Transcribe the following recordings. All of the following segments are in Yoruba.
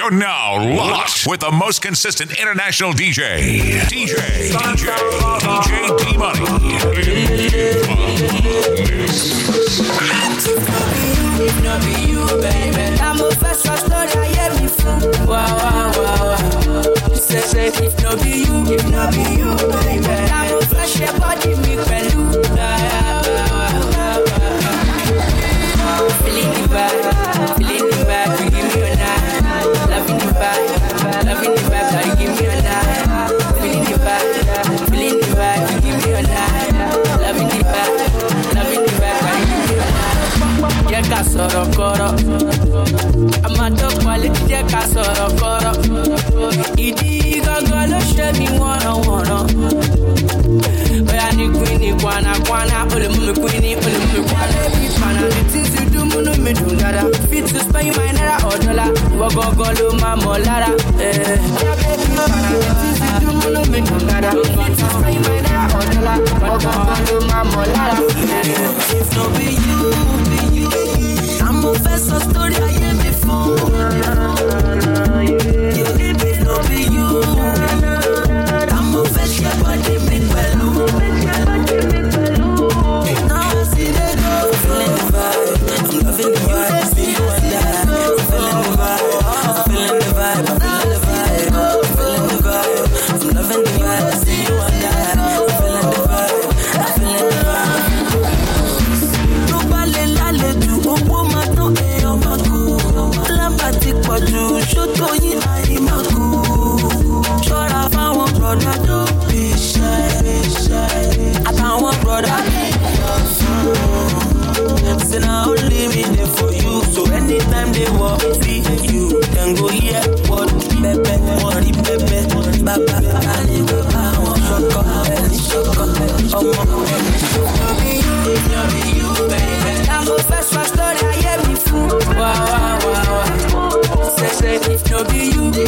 You're now locked with the most consistent international DJ. DJ, DJ, DJ T Money. if no be you, if no be you, baby. I'm a fresh body, me pelu. Feeling the vibe. sọ̀rọ̀ kọ́rọ̀. àmàjọ pàlejò jẹ́ ká sọ̀rọ̀ kọ́rọ̀. ìdí gangan ló ṣe mí wọ̀nàwọ̀nà. bóyá ní queen ní kwanakwana ó lè queen ní ó kwana. baby fana the things you do múnú mi dùn dáadáa. fit to spend my naira or dollar. ìwọ gangan ló máa mọ̀ the things you do you naira or ìwọ gangan ló máa mọ̀ lára. Eh. if no be you mo fẹ́ sọ sórí ayé mi fún. If it you. be eh, eh, you, eh, go be you.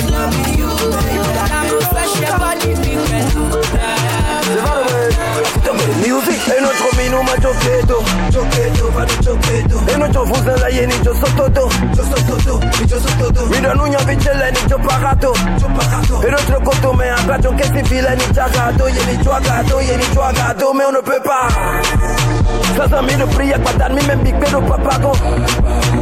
Music, e non trovi in un giochetto vado giochetto E non fusa la ieni, c'ho sotto C'ho sotto mi c'ho sotto Mi da ni c'ho pagato C'ho pagato E me a braccio si fila ni c'ha gato Ieni c'ho agato, ieni c'ho me uno pepa Sasa mi me mi papago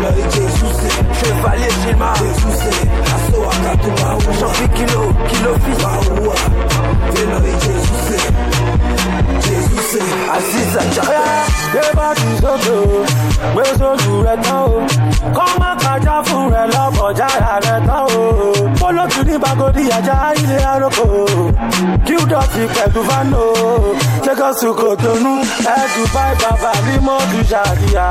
sous Jésus Chevalier à Jésus Asso Kilo Kilo Fils Aziz Ajara Yébá ti sókè o Gbé sójú rẹ̀ tán o Kọ́ má kájà fún rẹ̀ lọ́kọ̀já rẹ̀ tán o Olótú ní Bagodi ajá ilé aróko Qdọ̀tì pẹ̀lú Fano Lagos Kòtónú Ẹ̀dùn báyìí bàbá ní mọ́tò ṣàdíyà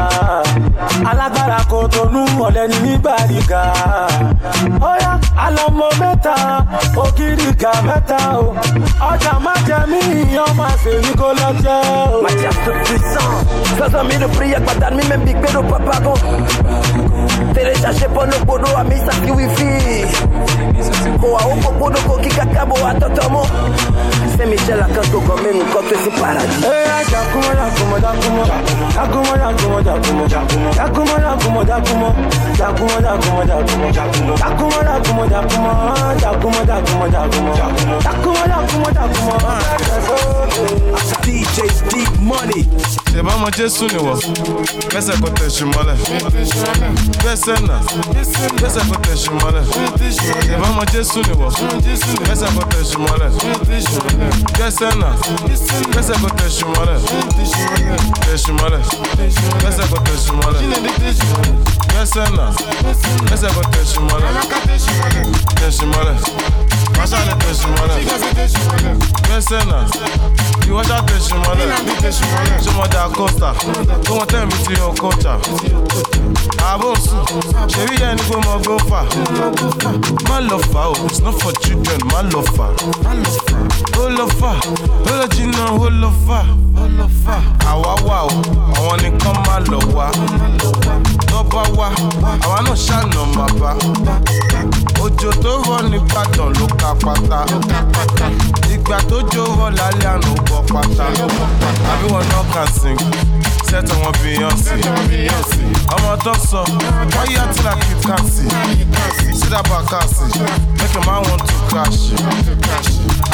Alágbára Kòtónú ọ̀lẹ́ ní nígbàdìgà Óyá àlọ́mọ mẹ́ta ògiri ìgà mẹ́ta o Ọjà má jẹ mí ìyọ́mọ say you go lock down. My chest is puissant. Sans ami de pas d'admis, même big bédo, papa, perechache ponopodo amisaki wifi koa opopodo koki kaka boatotomo se michel akanto komemi koto esi paradis DJ Deep Money. C'est pas mon Dieu sous nous. Mais ça coûte je m'en lève sẹ́nà ẹsẹ̀ fẹ́ tẹ̀sí mọ́lẹ̀ ìbámu jésù ni wọ̀ ẹsẹ̀ fẹ́ tẹ̀sí mọ́lẹ̀ jẹ́sẹ̀nà ẹsẹ̀ fẹ́ tẹ̀sí mọ́lẹ̀ tẹ̀sí mọ́lẹ̀ ẹsẹ̀ fẹ́ tẹ̀sí mọ́lẹ̀ jẹ́sẹ̀nà ẹsẹ̀ fẹ́ tẹ̀sí mọ́lẹ̀ tẹ̀sí mọ́lẹ̀. Maşale teşimane Mesena Iwọ́ṣà teṣimọ́lẹ̀ Ṣọmọdé Acosta Kó wọn tẹ̀ mí ti yan kọ́ńtà. Ààbò sùn, ṣèbí yẹn ni kó mọ gbó fà. Má lọ fà o, it's not for children, má lọ fà. Ó lọ fà, ó lọ jìnnà, ó lọ fà. Àwa wà o, àwọn nìkan má lọ wá. Tọ́ bá wá, àwa náà ṣàna màbá. pátá. Ìgbà tó jó wọ̀ lálẹ́ àná bọ̀ pátá. Àbí náà kàn sí. Sẹ́tọ̀ wọn Beyonce. Ọmọ tó sọ, wọ́n yá tí la kì í kà sí. Sídà bá kà sí. Make a man want to crash.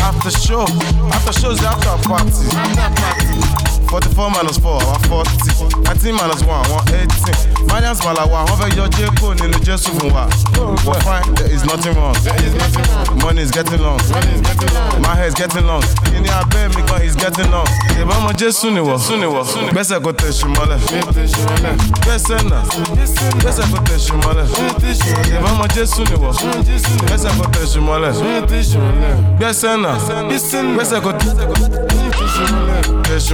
After show, after show is after party. 44 minus 4, our 40. 13 minus 1, 118. Marian's Malawa, however, your J code in the Jesu fine, there is nothing wrong. Money is getting long. My hair is getting long. Kí ni mi kan is getting long. Ìbá ọmọ Jésù ni wọ̀. Gbẹ́sẹ̀ kò tẹ̀sù mọ́lẹ̀. Gbẹ́sẹ̀ nà. Gbẹ́sẹ̀ kò tẹ̀sù mọ́lẹ̀. Ìbá ọmọ Jésù ni wọ̀. Gbẹ́sẹ̀ kò tẹ̀sù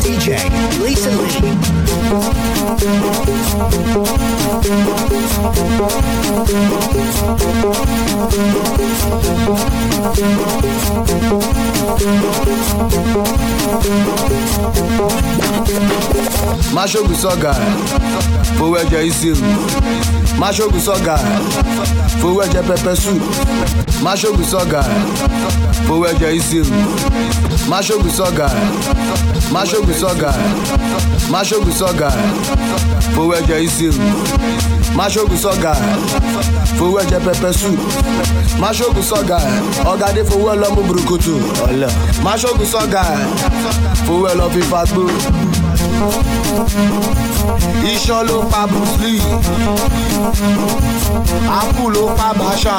DJ Lisa Lee. Machogo só gara, foi o Jaisiru. Machogo só gara, foi o Japepesu. Machogo só gara, foi o Jaisiru. Machogo só gara, Machogo só gara, Machogo só gara, foi o Jaisiru ṣogun sọ́gà fowó ẹ̀jẹ̀ pẹpẹ sùn má ṣogun sọ́gà ọ̀gádé fowó ẹlọ́mú burúkutu ọ̀lẹ̀ má ṣogun sọ́gà fowó ẹlọ́ fífa gbó. iṣan ló pa bruce àpù ló pa bàṣà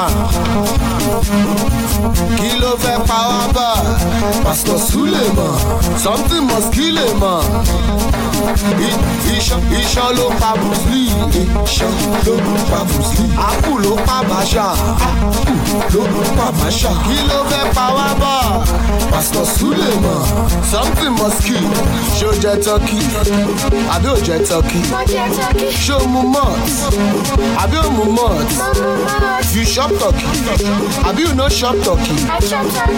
kí ló fẹ́ pa wá bá pásítọ̀ Suleman something must kill a man iṣan ló pa Bruce Lee iṣan ló pa Bruce Lee àpù ló pa bàṣà àpù ló pa bàṣà kí ló fẹ́ pa wá bá pásítọ̀ Suleman something must kill ṣó jẹ tọ́kì àbí ò jẹ tọ́kì ṣó mu mọ́ọ̀tì. Have you mumot you shop turkey Have you no shop turkey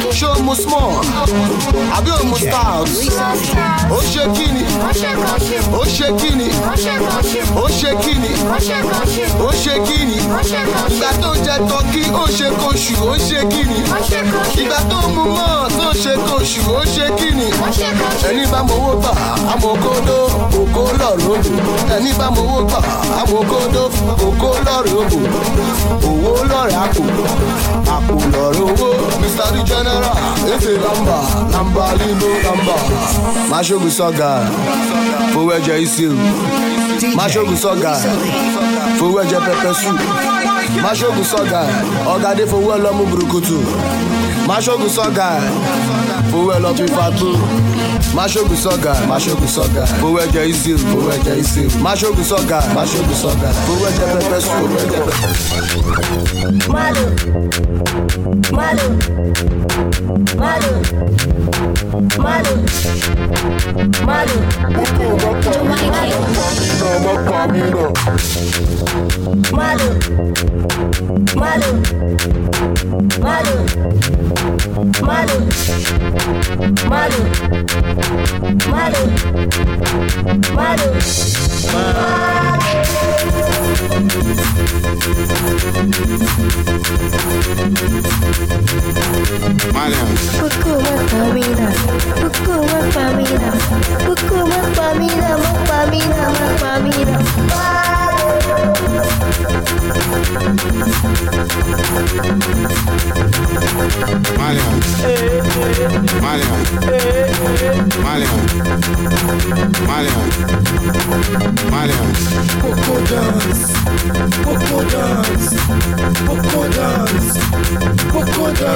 ṣé o mu small abi o mu stout o ṣe kíni o ṣe kíni o ṣe kíni o ṣe kíni ìgbà tó jẹ tọkí o ṣe koṣù o ṣe kíni ìgbà tó mu mọ́ tó ṣe koṣù o ṣe kíni ẹni bá mowó gbà amòkódó òkó lọ lódò ẹni bá mowó gbà amòkódó kókó lọ́rọ̀ òwò owó lọ́rọ̀ àpò àpò lọ́rọ̀ owó mr d general efe lamba lamba lilo lamba maṣogun sọga fowó ẹjẹ isil maṣogun sọga fowó ẹjẹ pẹpẹ sùn maṣogun sọga ọgádé fowó ẹlọmú burúkutu maṣogun sọga fowó ẹlọpẹ fatu. Mashogu Soga, Mashogu Soga, Boweja Isil, Boweja Isil, Mashogu Soga, Mashogu Soga, Boweja Pepe Soga. Malu, Malu, Malu, Malu, Malu, Malu, Malu, Malu, Malu, Malu, Malu. Maru, Maru, Mariam. Pukuma famina, pukuma famina, pukuma famina, ma famina, ma famina. Pokoda, Pokoda, Pokoda,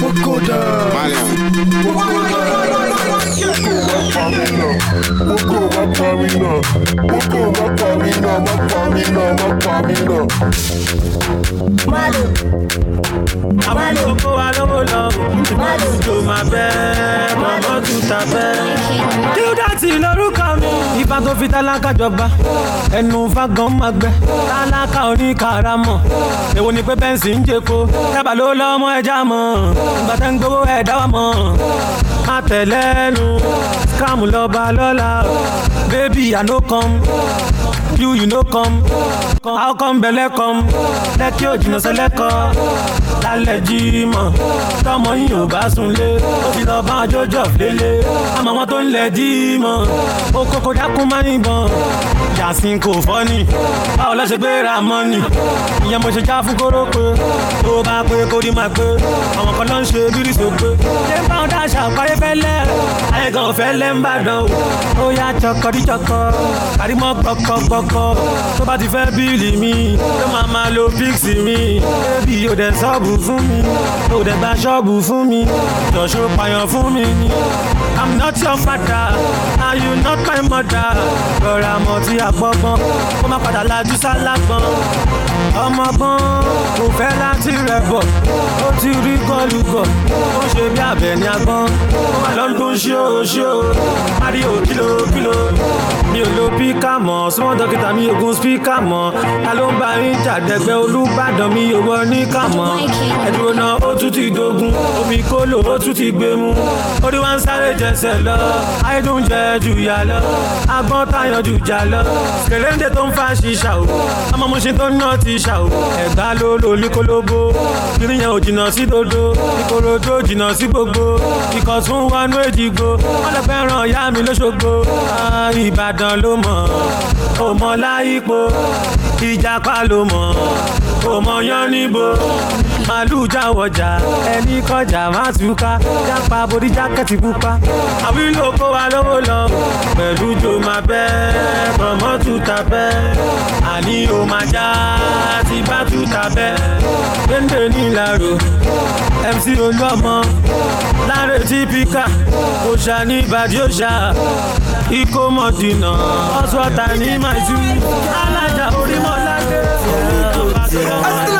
Pokoda, náà kókó má pa mí náà kókó má pa mí náà má pa mí náà má pa mí náà. Malo, amalo kó wa lọ́wọ́ lọ, malo tó máa bẹ́ẹ̀, màmá tún ta bẹ́ẹ̀. fagan máa gbẹ, tálákà oníkàràmọ̀, èwo ni pe bẹ́ǹsì ń jẹ́ ko, tábà ló lọ́mọ ẹja mọ̀, àtẹ̀lẹ́nu scam lọ́ba lọ́la baby i no come you, you no come. How come belle come? your ò bá sunlé. Ó fi lọ bá jójọ́ fìlélẹ̀. Àmọ́ wọn tó ń lẹ̀ jí mọ̀. Ó kókó dákún máa ń yìnbọn. Yàsín kò fọ́ ni. Báwo lọ ṣe gbé ra mọ́nì? Ìyẹn mo ṣe já fún kóró pé. Tó bá pé kó rí máa pé. Àwọn kan ló ń ṣe bírí so pé. Ṣé báwọn dáṣà parí fẹ́lẹ́? Àyẹ̀gàn ò fẹ́ lẹ́ ń bàdàn o. ba sunle o fi lo ba jojo lele, amo won to le o koko ya maa n yinbon yasin ko fo ni bawo lo se ra moni dí ri maa pe awon kan lo biri so Kàrímọ́ gbọ̀gbọ̀gbọ̀ mọ́ tó bá ti fẹ́ bíìlì mi ló máa máa lo píksì mi ẹbí ò dẹ̀ ṣọ́ọ̀bù fún mi ò dẹ̀ gba ṣọ́ọ̀bù fún mi jọ̀ṣọ́ payàn fún mi i'm not your father and you not my mother rọra mọ̀ tí a gbọ́ gbọ́n kó má padà lajú sálágbọ́n ọmọ gbọ́n kò fẹ́ láti rẹ̀ bọ̀ ó ti rí gọ́ọ̀lù gọ̀ ó ṣe bí abẹ ní agbọ́n ó má lọ́dún ṣíò ṣíò má rí ri kilo, kìlò. mi ò lo píkà mọ́ súnmọ́ dókítà mi ògùn spíkà mọ́ ta yín jàdẹ́gbẹ́ olùbàdàn mi ò wọ ní kà mọ́ ó tún ti dogun omi kóló ó tún ti gbé mu orí wa ń sáré jẹsẹ̀ lọ àìdùn jẹ jù yà lọ agbọ́n tayọ̀ jà lọ kẹlẹ́ńdẹ̀ tó ń fa ṣìṣà o ọmọ mo ṣe tó ń ná ti ṣà o ẹ̀gbá ló lò líkólóbó kìnìyàn ò jìnnà sí dodo ìkòròdó jìnnà sí gbogbo ìkọ̀tún wọnú èjìgbò ọlọ́pẹ́ ràn mi lóṣogbo ìbàd nìkan ló mọ̀ ó mọ láyípo ìjàpá ló mọ̀ ó mọ níbo Maluja jáwọjà ẹni kọjá má túká jápa borí jákẹ́tì pupa àwílò kó wa lówó lọ pẹ̀lú jò máa bẹ́ mọ̀mọ́ tuta bẹ́ àní o máa já ti bá tuta bẹ́ péńdé nílàró mc olúọmọ láre típíkà pika, ṣá ní ìbàdí òṣà ikó mọ̀dìnà ọ̀ṣọ́ta ní màjú alájà orí mọ́lá kéré.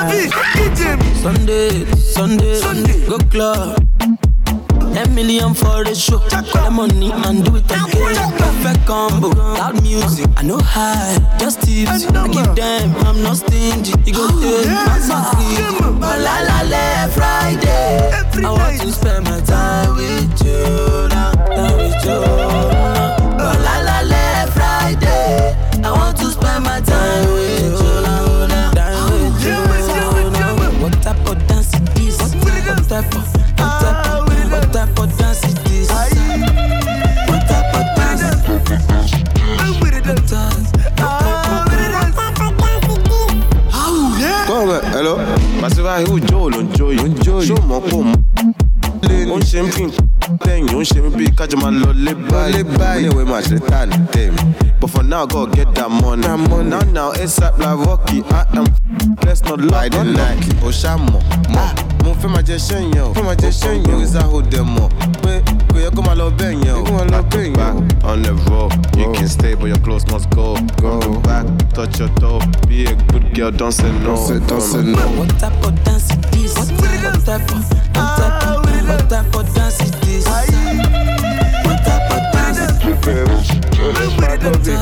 Sunday, Sunday, Sunday. go club. A million for the show. All the money and do it again. Perfect combo, loud music. I know how. just tips. I give them, I'm not stingy. You go oh, tell my sweet. La la la Friday. I want to spend my time with you now, now with you. màsíwá ihò jó ló ń jó yìí ṣó mọ́ pò mọ́ ó ń ṣe ń pín lẹ́yìn ó ń ṣe mí bí kájọ máa lọ lé báyìí báyìí ìwé màá ṣe ní tèmi but for now god get that money now now asap la rocky i am let's not lie the night oh, ah. o mo fẹ́ máa jẹ ṣẹ́ yẹn fẹ́ máa jẹ ṣẹ́ yẹn o wíṣà òde mọ̀ pé kò yẹ kó máa lọ bẹ́ẹ̀ yẹn kó máa lọ bẹ́ẹ̀ on the road you can stay but your clothes must go go back touch your toe be a good girl don't say no don't say no. what type of dance is this what type of what type of what type of ah, dance is this what type of dance is this.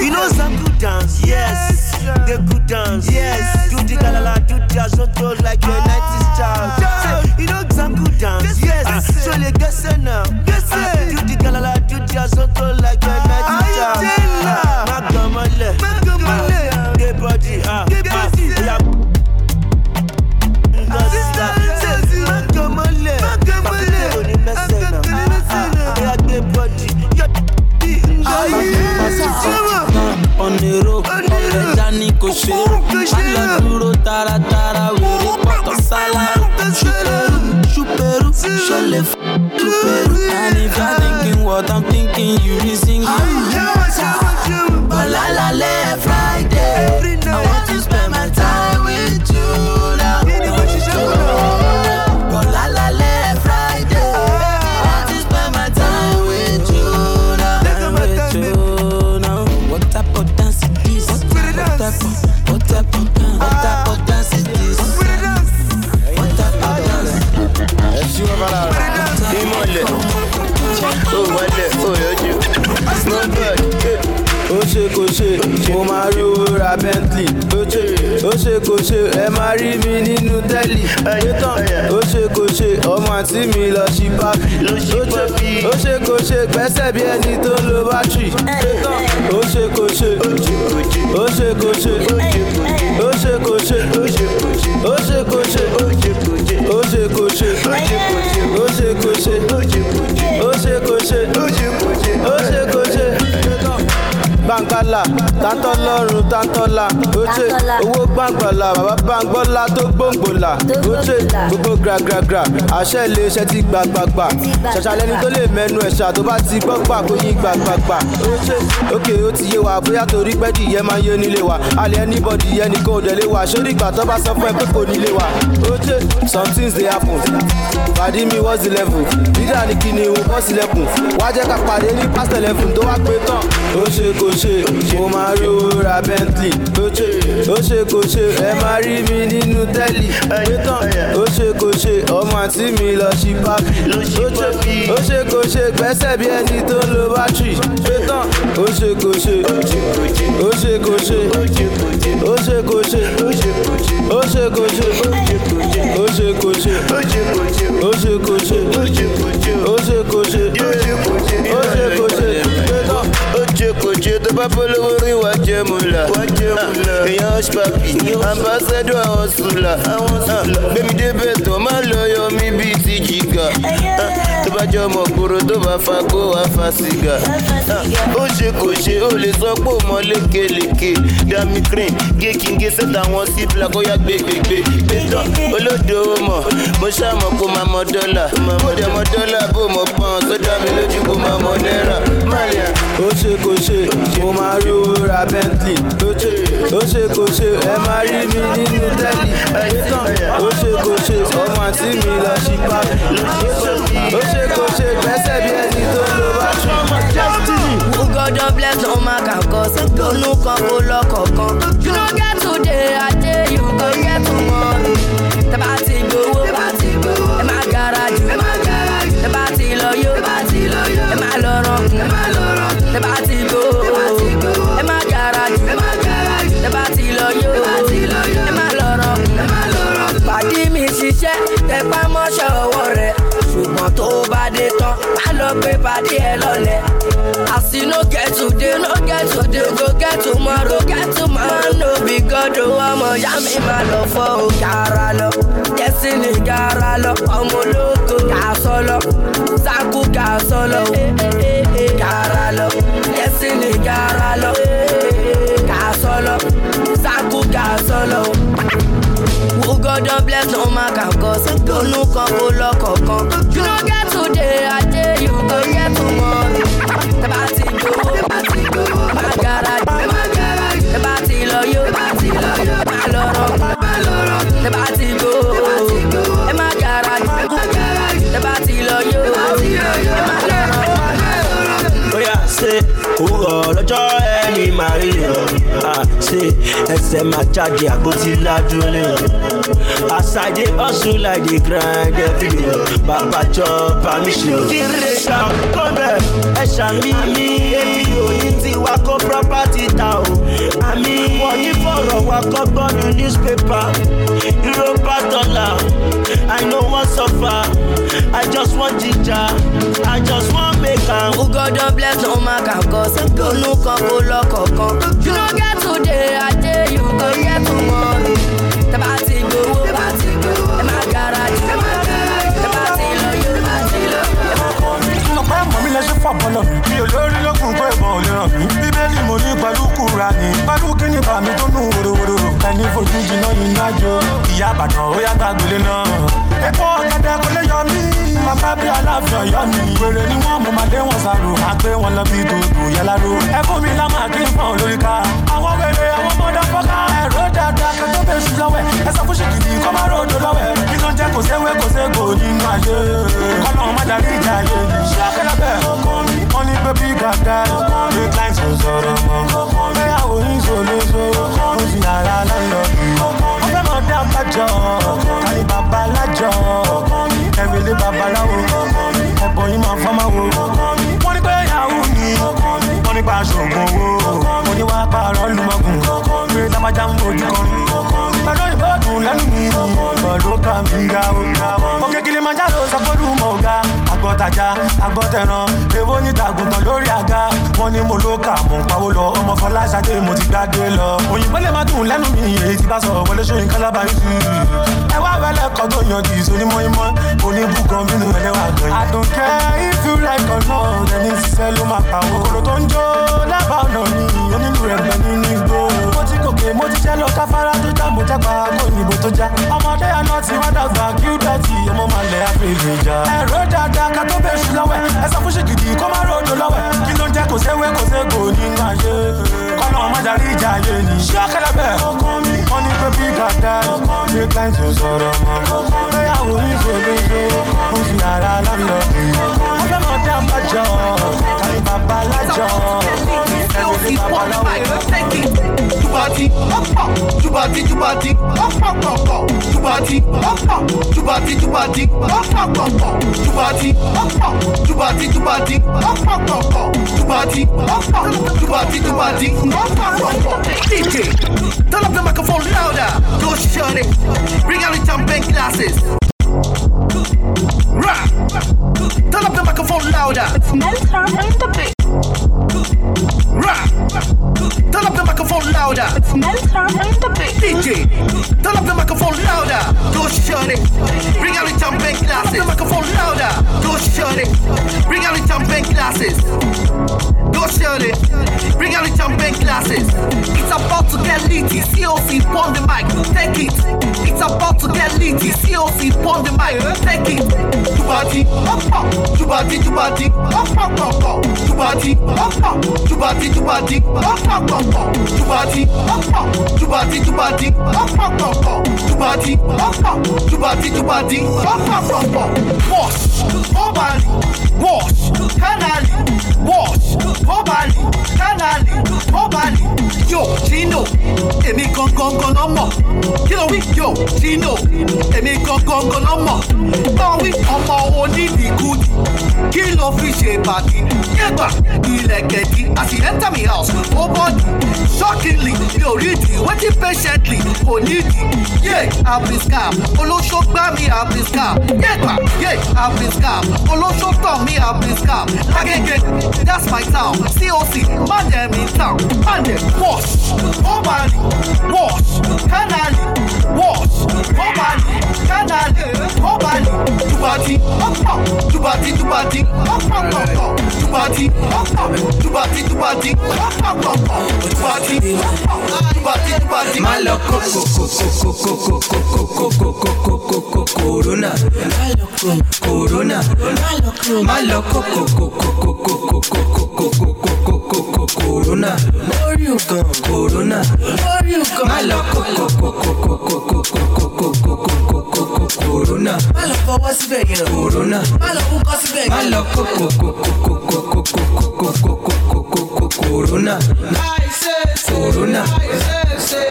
You know some good dance, yes. The good dance, yes. Do the galala, do the do like your 90s ah. child. You know some good dance, yes. Ah, so they guess it now. Guess ah, Do the galala, do the do like your 90s child. Magamale, magamale. The body, ah, yeah. Panero, And if I thinking what I'm thinking, you be singing. Bọ̀lá Friday. ẹyin tán ó ṣe kò ṣe ọmọ àti mi lọ ṣí báàkì ó ṣe kò ṣe gbẹ́sẹ̀ bí ẹni tó ń lo bátìrì ó ṣe kò ṣe ó ṣe kò ṣe. tántọ́là tántọ́lọ́run tántọ́là oche owó gbàngbàlà bàbá bàngbọ́lá tó gbòǹgbòlà oche gbogbo gragragra àṣẹ ilé iṣẹ́ ti gbàgbàgbà ṣàṣà lẹni tó lè mẹ́nu ẹ̀ṣà tó bá ti gbọ́ gbà kó yín gbàgbàgbà oche òkè ó ti yé wa bóyá torí pẹ́ dìyẹ máa yé nílé wa alẹ́ anybody yẹ ni kò délé wa sórí ìgbà tó bá sọ fún ẹ pé kò nílé wa oche some things dey happen pàdé mi was eleven, level dídà ni kí ni òun bọ́ sílẹ̀kùn wá jẹ́ ká pàdé ní pásítẹ̀ lẹ́fùn tó wá pé tán ó ṣe kò ṣe mo máa rówó ra bentley ó ṣe ó ṣe kò ṣe ẹ máa rí mi nínú tẹ́lì pétán ó ṣe kò ṣe ọmọ àti mi lọ sí pápí ó ṣe kò ṣe gbẹ́sẹ̀ bí ẹni tó ń lo bátìrì pétán ó ṣe kò ṣe ó ṣe kò ṣe ó ṣe kò ṣe ó ṣe kò ṣe ó ṣe kò ṣe ó ṣe kò ṣe ó ṣe kò ṣe ó ṣe kò ṣe ó ṣe kò ṣe. Je kucheta papologori wachemula eyash ah, papi ambassador awosula ah, bemidebetoma loyo mibiti jiga bá jọ mọ̀ kúrò tó bá fa kó wá fa sìgá. ó ṣe kò ṣe ó lè sọ pé ó mọ lékeleke dami cream, gé kí n gé sẹ́tà wọn sí black ó yá gbégbégbé gbé tán olódo ó mọ̀ mo ṣàmọ̀ kó máa mọ dọ́là kó dẹ̀ mọ dọ́là bó mọ pọ́n tó dá mi lójú kó máa mọ náírà. ó ṣe kò ṣe mo ko maa mo dola ko de mo dola bo rí owó ra bentley tó ṣe ó ṣe kò ṣe ẹ máa rí mi nínú tẹ́lì ó ṣe kò ṣe ọmọ àti mi lọ sí pa ó ṣe kò ṣe gbẹ́sẹ̀ bí ẹni tó lo bátìrì. God bless Omaka cause don't no couple lọ kọ̀ọ̀kan. You no get today. don pay party lọlẹ. As you no get today, no get today, go get tomorrow, get tomorrow. No be God o, oh, ọmọ ya mi máa lọ fọ́ o. Oh, gara lọ, Jẹ́sí ni gara lọ, ọmọ ológo kà sọ lọ, Sanku kà sọ lọ o. Oh, gara lọ, Jẹ́sí ni gara lọ, kà sọ lọ, Sanku kà sọ God bless no man can cause. Don't know come go lock You do get today, I tell you, go get tomorrow. The party go, the party go, my garage, my garage. The party love you, the party love you, my lord, oh, my lord. Oh. The party go, the party go, my garage, my garage. The party love you, the party love you, my lord, oh, my lord. Oh yeah, say owó ọlọ́jọ́ ẹni máa rí hàn á ṣe ẹsẹ̀ máa jáde àgọ́tí ládúró as i dey hustle like dey grind every day baba chop permission. kiri ṣàkóbẹ̀ ẹ ṣàmì mi èmi ò ní tiwa kó property ta o àmì wọ́n ní fọ̀rọ̀ wa kọ́gbọ́n ní newspaper europa dollar i no wan suffer i just wan ginger i just wan. can. Oh God, don't bless no man can cause. You no can go lock You no get today, I tell you, go get tomorrow. Tẹ́bá ti gbowó, tẹ́bá ti gbowó, ẹ má gara jù, tẹ́bá ti lọ yóò, tẹ́bá ti lọ yóò. Nínú pẹ́ mọ̀ mi lẹ ṣe fọ̀ bọ́lọ̀ mi, mi ò lórí lókun pé ìbọn ò lè ràn mí. Bíbélì mo ní pẹ̀lú kúra ni, pẹ̀lú kíni bàmí tó nù wòròwòrò. Ẹni fojú jiná yìí nájò, ìyá àbàdàn ó yá gbàgbélé náà. Ẹ̀kọ́ ọ̀gẹ̀dẹ̀ kò lè yọ mí. máa fẹ́ bí aláfẹ̀yọ́ ni. wèrè ni wọ́n mú màdé wọn sàrò àgbẹ̀ wọn lọ bí dòdò yẹláró. ẹ fún mi lámà kí n fọ́n olórí ká. àwọn wèrè àwọn mọ́dọ̀ fọ́ká. ẹ̀rọ dáadáa kan tó bẹ̀rù lọ́wẹ̀. ẹ sọ fún ṣìkìdì kọ́ máa ròdò lọ́wẹ̀. iná jẹ́ kò séwé kò ségò nínú ayé. kọ́nà ọmọ darí ìjà ayé ni. ṣé akẹ́lẹ́ bẹ́ẹ̀ kókó mi. wọ́n ní bébí gàgà. kókó mi client ń sọ̀rọ̀ mọ́. kókó mi ìyàwó ń sòlè sòrò. ó fi ara láyọ̀ bí. ó fẹ́ mọ̀ dá bàjọ́. kálí bàbá lájọ́ ẹ̀rẹ̀lẹ̀ babaláwo oh. ẹ̀bọ̀ yìí máa fọ́n máa wo wọ́n ní pé yahoo ni wọ́n ní pa aṣoògùn owó mo ní wá pààrọ̀ lùmọ̀gùn pé lábájá ń bójú kan ọjọ́ ìbọ̀dùn lẹ́nu mi ọ̀lọ́ka mi ga ọ̀gá òkè kìlìmájà ló sọ fọ́dún mọ̀ọ́gá agbọ́tajà agbọ́tẹran èwo ní tàgùntàn lórí àga wọn ni mo ló kà mọ̀ pawó lọ ọmọ fọláṣadé mo ti gbádé lọ. òyìnbó lè má dùn lẹ́nu mi èyí ti bá sọ wọlé sóyún kálábà yìí tù. ẹ wá wẹlẹ kan tó yanjú ìsòní mọ́ímọ́ oníbùkan bínú ẹlẹ́wà gan. I don't care if you like or not ẹni ṣiṣẹ́ ló máa pawó. kòkòrò tó ń jó lábàá ọ̀nà ni onílù rẹ̀ gbẹ̀ àgbè mo ti jẹ́ lọ káfárá tó já mo jápa kó ìyìnbó tó já ọmọdé àná tí wọ́n dàgbà kí ó dọ̀tí ọmọ máa lẹ̀ àfihàn ìjà. ẹ̀rọ dáadáa ká tó bẹ̀ ṣù lọ́wẹ̀ ẹ sọ fún ṣìkìdì kó má ròdò lọ́wẹ̀ kí ló ń jẹ́ kò séwé kò ségò nínú ayé kọ́nà ọmọ darí ìjà ayé ni. ṣé ọ̀kẹ́lẹ́ bẹ́ẹ̀ wọ́n ní pé bí gàdá ṣe káyìntì sọ̀rọ̀ mọ́ bóyá òun ìṣòro ṣe ó fi ara John, carry my bala John. Jubati, ọ̀pọ̀, jubati, jubati, ọ̀pọ̀ pọ̀pọ̀, jubati, ọ̀pọ̀, jubati, jubati, ọ̀pọ̀ pọ̀pọ̀, jubati, ọ̀pọ̀, jubati, jubati, ọ̀pọ̀ pọ̀pọ̀, jubati, ọ̀pọ̀, jubati, jubati, ọ̀pọ̀ pọ̀pọ̀. DJ, turn up the microphone louder, go shut it. Bring out the champagne glasses. Nelson in the Turn up the microphone louder. in the DJ, turn up the microphone louder. Go shut it. Bring out the champagne glasses. Turn up the microphone louder surely. Bring out the champagne glasses. Go surely. Bring out the champagne glasses. It's about to get lit. COC on the mic. Take it. It's about to get lit. COC on the mic. Take it. Jubati, up up. Jubati, Jubati, up up up up. Jubati, up up. Jubati, Jubati, up up up up. Jubati, up up. Jubati, Jubati, up up up up. Jubati, up up. Jubati, Jubati, up up up up. Wash. Nobody wash, canali wash mobali kanali mobali yo tino èmi gangan ganan mọ̀ kí ló wí yo tino èmi gangan ganan mọ̀ ba báwo wí ọmọ onídìgúdì kí ló fi ṣe bàtì yẹgbà ilẹ̀kẹ̀dì àti enter me house ó bọ́ọ̀dì shockingly mi ò rí di waiting patiently kò ní di yé abisca olóṣogbá mi abisca yẹgbà yé abisca olóṣogtọ̀ mi abisca lágége that's my town. COC, man them in town. Man them wash. Omani, wash. Canali, wash. Omani, Canali, Omani. Dubati, Okpa. Dubati, Dubati, Okpa, Okpa. Dubati, Okpa. Dubati, Dubati, Okpa, Okpa. Dubati, Dubati, Dubati. Malo corona. Malo corona. Malo corona corona. where you come? corona. Lórí nǹkan. Má lọ corona. Má lọ fọwọ́ síbẹ̀ yẹn. Corona. Má lọ wúkọ́ síbẹ̀ yẹn. Má lọ corona. Corona.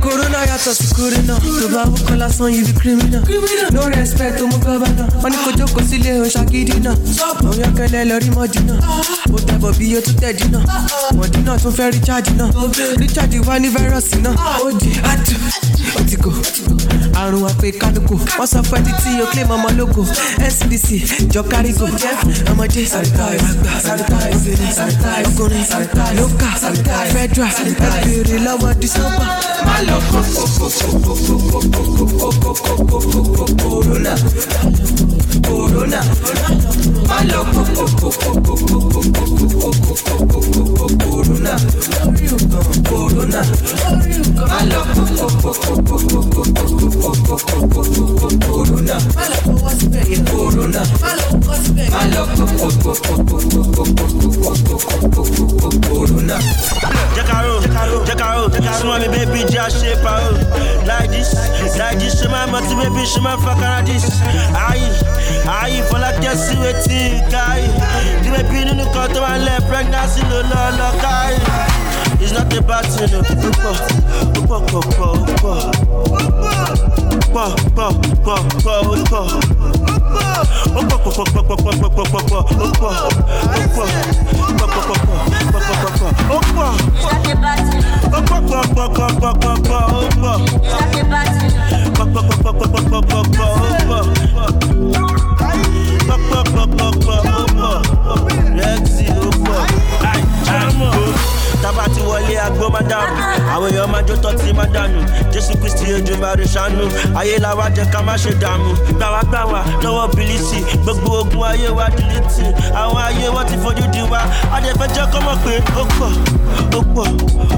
Corona yàtọ̀ sí corona. Tó bá wọ́kọ̀ lásán yìí bí criminal. No respect omu gọ́bánà. Wọ́n ní kò jókòó sílé oṣàgídí náà. Àwọn akẹ́lẹ́ lọ rí mọ́dí náà. Mo tẹ̀bọ̀ bí yóò tún tẹ̀dí náà. Mọ̀dí náà tún fẹ́ recharge náà. Recharge wá ní fáírọ̀sì náà. Ó di àjò. Ó ti kò. Àrùn àpè kálukú. Wọ́n sọ fún ẹni tí o claim ọmọ lógo. SDC jọ kárígò. Ọmọdé sanitize. Sanitize. Sanitize. Ọkùnrin. Local. Federal. Ẹ bèrè lọ́wọ́ December. Má l Corona. Corona. Corona. Malo. Corona. Corona. Malo. Corona. Corona. Malo. Corona. Jacaro, Jacaro, Jacaro, Jacaro, baby, Josh shape like this, like this. She my mother, baby, she my fucker like this. Aye, aye, for like just see what you guy. Give me pin in the cut to my left, no, no, no, guy. It's not about you know. Upo, upo, upo, upo, upo, upo, upo, upo, upo, upo. Upo, upo, upo, upo, upo, upo, upo, upo, upo, upo, upo, upo, upo, upo, upo, upo. It's not about you. Upo, upo, upo, upo, upo, upo, upo. It's not about you. Upo, upo, upo, upo, upo, upo, upo, upo. Upo, upo, upo, upo, upo, upo. jùmọ̀rìṣàánú ayé làwa jẹ ká má ṣe dààmú gbàwágbàwá lọ́wọ́ bìlìsì gbogbo ogun ayé wa dìlítì àwọn ayé wọn ti fojú di wa adẹ́fẹ́ jẹ́ kọ́ mọ̀ pé ó pọ̀ ó pọ̀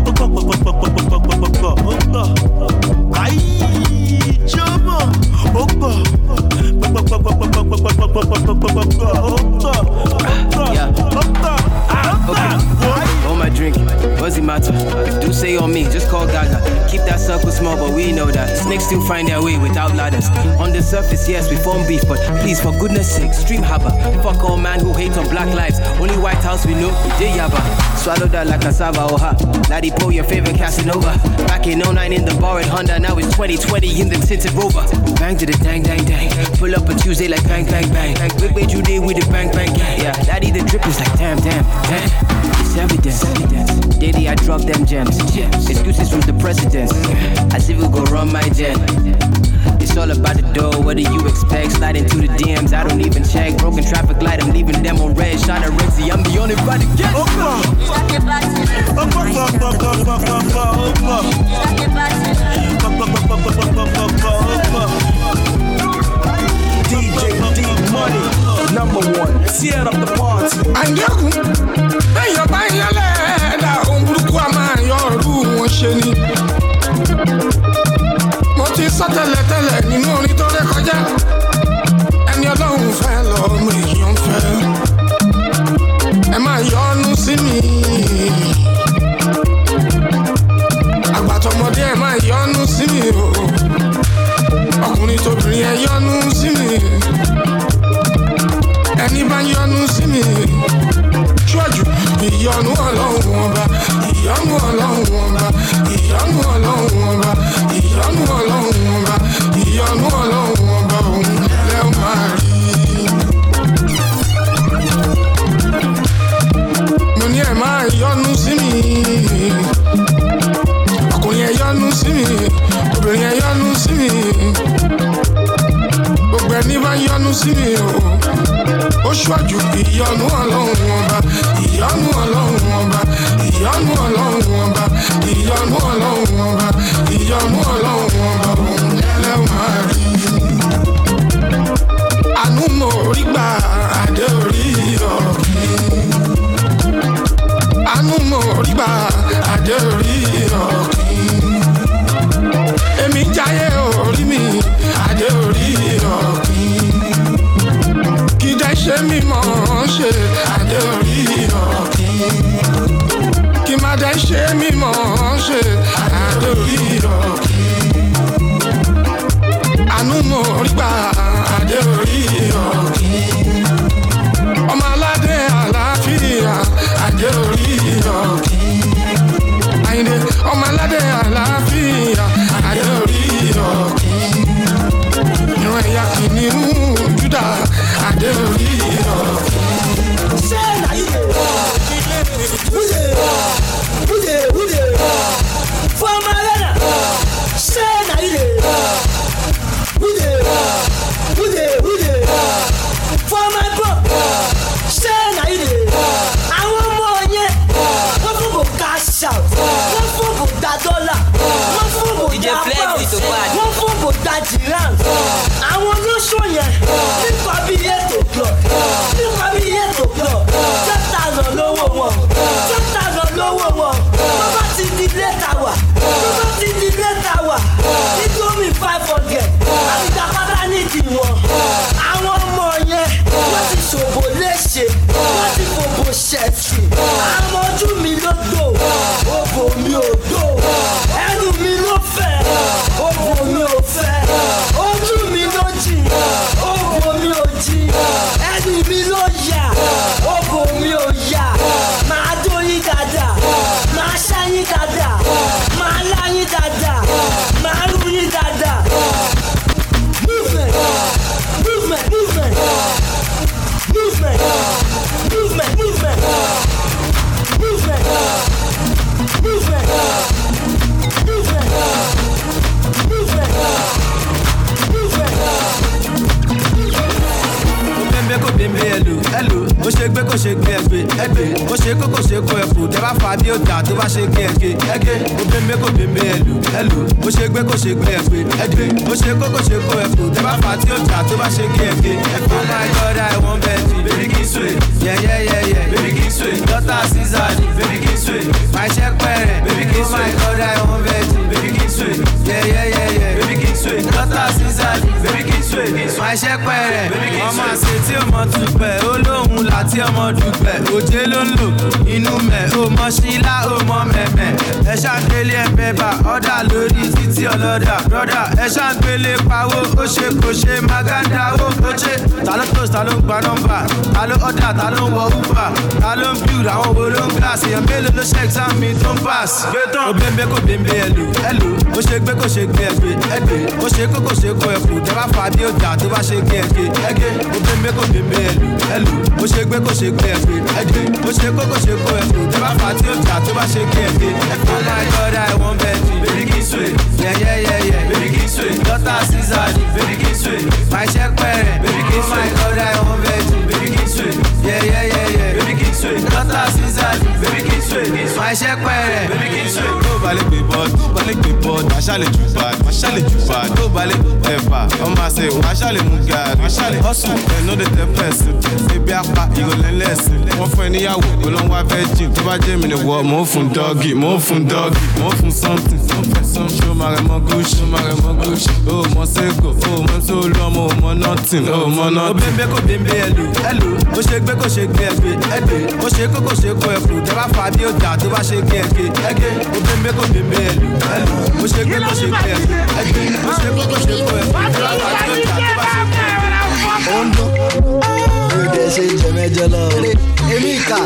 ó pọ̀ pọ̀pọ̀pọ̀pọ̀pọ̀pọ̀pọ̀ ó pọ̀ àìjọ́mọ̀ ó pọ̀ pọ̀pọ̀pọ̀pọ̀pọ̀pọ̀pọ̀pọ̀pọ̀ ó pọ̀ ó pọ̀ ó pọ̀ wọ́n my drink. Buzzy matter. Do say on me, just call Gaga. Keep that circle small, but we know that snakes still find their way without ladders. On the surface, yes, we form beef, but please, for goodness sake, stream haba. Fuck all man who hate on black lives. Only White House we know, we did yabba. Swallow that like a oh ha. Laddie your favorite Casanova. Back in 09 in the bar at Honda, now it's 2020 in the tinted rover. Bang to the dang dang dang. Pull up a Tuesday like bang bang bang. Big Bay Judy with the bang bang gang. Yeah, Daddy the drip is like damn damn damn evidence, evidence, evidence. Daily I drop them gems, gems. Excuses from the presidents. As if we go run my gen. It's all about the dough, what do you expect? Sliding to the DMs, I don't even check. Broken traffic light, I'm leaving them on red. Shot a Renzi, I'm the only body get. Oh, come. DJ D Money, number one. Tear up the party. Àjọkù, ẹ̀yọ̀ bá yẹlẹ̀ ẹ̀dá ohun burúkú a máa yọ ọ̀rú wọn ṣe ni. Mo ti sọ tẹ́lẹ̀tẹ́lẹ̀ nínú orin tó ré kọjá. Ẹni ọlọ́run fẹ́ lọ́mọ èèyàn fẹ́. Ẹ máa yọ ọ́nú sí mi. Àgbàtọ̀mọdé ẹ máa yọ ọ́nú sí mi o. Ọkùnrin tóbìnrin ẹ yọ ọ́nú ẹni bá yọnu sí mi ṣọ́jú ìyọnu ọlọ́run ọba ìyọnu ọlọ́run ọba ìyọnu ọlọ́run ọba ìyọnu ọlọ́run ọba ìyọnu ọlọ́run ọba òun lẹ́ máa rí. mo ní ẹ̀ máa yọnu sí mi ọkùnrin ẹ̀ yọnu sí mi obìnrin ẹ̀ yọnu sí mi gbogbo ẹni bá yọnu sí mi o ó ṣáájú ìyanu ọlọ́run ọba ìyanu ọlọ́run ọba ìyanu ọlọ́run ọba ìyanu ọlọ́run ọba ìyanu ọlọ́run ọba. kò ṣe gbé ẹgbẹ́ ẹgbẹ́ ó ṣe kó kò ṣe kó ẹkù tẹ bá fa bí ó dà tó bá ṣe gbé ẹgbẹ́ ẹgbẹ́ ó bẹ́ẹ̀ kò bẹ́ẹ̀ ẹlù ẹlù ó ṣe gbé kò ṣe gbé ẹgbẹ́ ẹgbẹ́ ó ṣe kó ṣe kó ẹkù tẹ bá fa tí ó dà tó bá ṣe gbé ẹgbẹ́ ẹgbẹ́ oh my god i wan bet you baby kin sway yẹyẹyẹyẹ baby kin sway dọ́tà sísá ni baby kin sway àṣẹ pẹ̀rẹ̀ baby kin sway oh my god i wan bet you baby kin sway yẹyẹyẹyẹ baby kin sway dọ́tà sísá ni baby kin sway àṣẹ pẹ̀rẹ̀ ọmọ àṣetí ò mọ̀ tún pẹ̀ ó lóhùn kùlà tí ọmọ dùgbẹ̀ òjé ló ń lò inú mẹ̀ ó mọ sílá ó mọ mẹ̀mẹ̀ ẹ ṣàgbélé ẹ̀bẹ̀ bá ọ̀dà lórí títí ọlọ́dà brọ́dà ẹ ṣàgbélé pawó ó ṣe kò ṣe maganda ó kóṣe ta ló tó ta ló ń gba nọ́mbà ta ló ọ̀dà ta ló ń wọ uber ta ló ń build àwọn wo ló ń glass èèyàn mélòó ló ṣe exam mi tó ń pass. obìnrin kò bí n bẹ ẹlò ẹlò ó ṣe gbé kò ṣe gbé ẹgbẹ ẹgbẹ ó ṣe kó kò ṣe kó ẹkù jọba fà bí ọjà tó bá ṣe gbé ẹgbẹ ẹgbẹ obìnrin kò bí n bẹ ẹlò ẹlò ó ṣe gbé kó ṣe gbé ẹ̀fẹ̀ ẹ̀dẹ̀ ó ṣe kó kó ṣe kó ẹ̀fẹ̀ tẹ́ bá fà tí ó jà tó bá ṣe gbé ẹ̀fẹ̀ ẹ̀fẹ̀ máa jọra ẹ̀wọ̀n bẹ́ẹ̀dì bẹ́ẹ̀rìkì sùn yẹ́yẹ́yẹ́yẹ́ bẹ́ẹ̀rìkì sùn dọ́tà sísàdì bẹ́ẹ̀rìkì sùn máa ṣẹ́pẹ̀rẹ̀ bẹ́ẹ̀rìkì sùn ó máa jọra ẹ̀wọ̀n bẹ́ẹ̀dì bẹ́ẹ̀rìkì sùn yẹ́yẹ́yẹ́yẹ́ sweet, not Baby, keep sweet, Baby, keep sweet. be be you ever. say, hustle. I go One we wọ́, mo fún mo fún mo fún something. show my show my Oh, mo mo nothing, oh, mo nothing. kò bẹ́ẹ̀ bẹ́ẹ̀ ẹ̀lú, Ó ṣe gbé kò ṣe gbé ẹ̀gbẹ́, ẹ̀gbẹ́ ó ṣe kókò ṣe kó ẹ̀kú tó bá fà bí ó dà tó bá ṣe kí ẹ̀kẹ́ ẹ̀kẹ́ ó mbẹ́ kó bẹ́ mbẹ́ ẹ̀lú ó ṣe kókò ṣe kó ẹ̀kú ẹ̀kẹ́ ó ṣe kókò ṣe kó ẹ̀kú tó fà bí ó tó bá ṣe kí ẹ̀kẹ́. ondo yóò dé ṣe jẹmẹjọ lọ. èmi kà.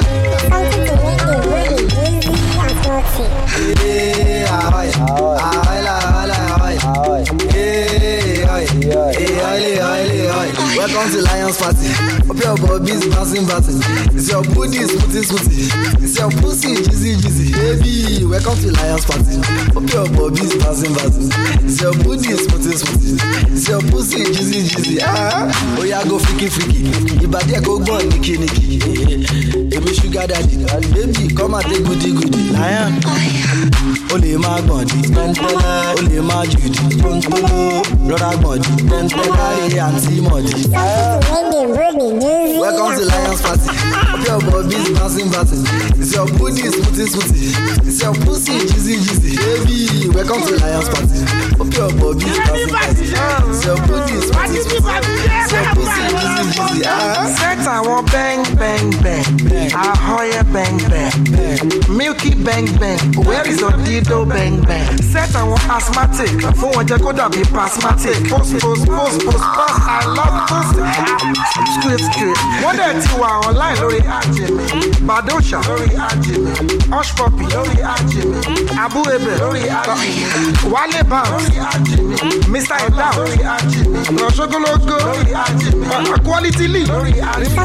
Welcome to Lions Party. Up your bobbies bouncing bouncing. It's your booty smoothie smoothie. It's your pussy jizzy jizzy. Baby, welcome to Lions Party. Up your bobbies bouncing bouncing. It's your booty smoothie smoothie. It's your pussy jizzy jizzy. Ah, oh yeah, go freaky freaky. Ibadi go gbọn niki niki. Ebi sugar daddy, baby, come and take goody goody lion. o lè máa gbọ̀n di pẹ́ńpẹ́lẹ́ o lè máa jù di pọ́npọ́lọ́ rọra gbọ̀n di pẹ́ńpẹ́lẹ́ ayé àǹtí mọ̀ di. welcome to lions party bí ọ̀bọ̀ bí is bouncing bouncing your booty smoothie smoothie it's your pussy juicy juicy baby welcome to lions party bí ọ̀bọ̀ bí is bouncing bouncing your booty smoothie smoothie it's your pussy juicy juicy. Ah. I want bang, bang, bang. bang. Ahoya, bang, bang. bang. Milky, bang, bang. Where is Odido, bang, bang. Set I want asthmatic. For what you could be asthmatic. Post, post, post, post, post. I love post. Script, script. what day you are online, Lori Ajimi. Badosha, Lori Ajimi. Osh Poppy, Lori Ajimi. Abu Ebe, Lori Ajimi. Wale Bounce, Lori Ajimi. Mr. Edam, Lori Ajimi. Roshogologo, Lori Ajimi. Quality league. Lori Ajimi.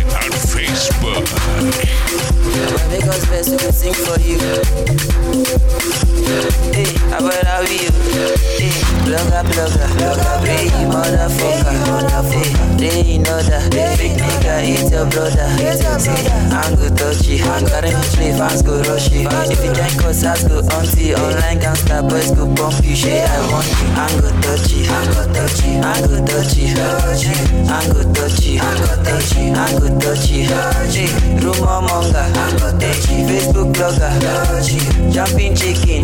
Lagos verse, we can sing for you. Hey, I bet I'll be you. Hey, blogger, blogger, blogger, baby, motherfucker. Hey, they know that. Big nigga, it's your brother. See, I'm good touchy. I'm carrying my sleeve, fans go rushy. If you drink cause ask go auntie. Online gangster boys go pump you. Shit, I want you. I'm good touchy. I'm good touchy. I'm good touchy. I'm good touchy. I'm good touchy. I'm good touchy. Hey, rumor monger. She Facebook blogger. Jumping chicken.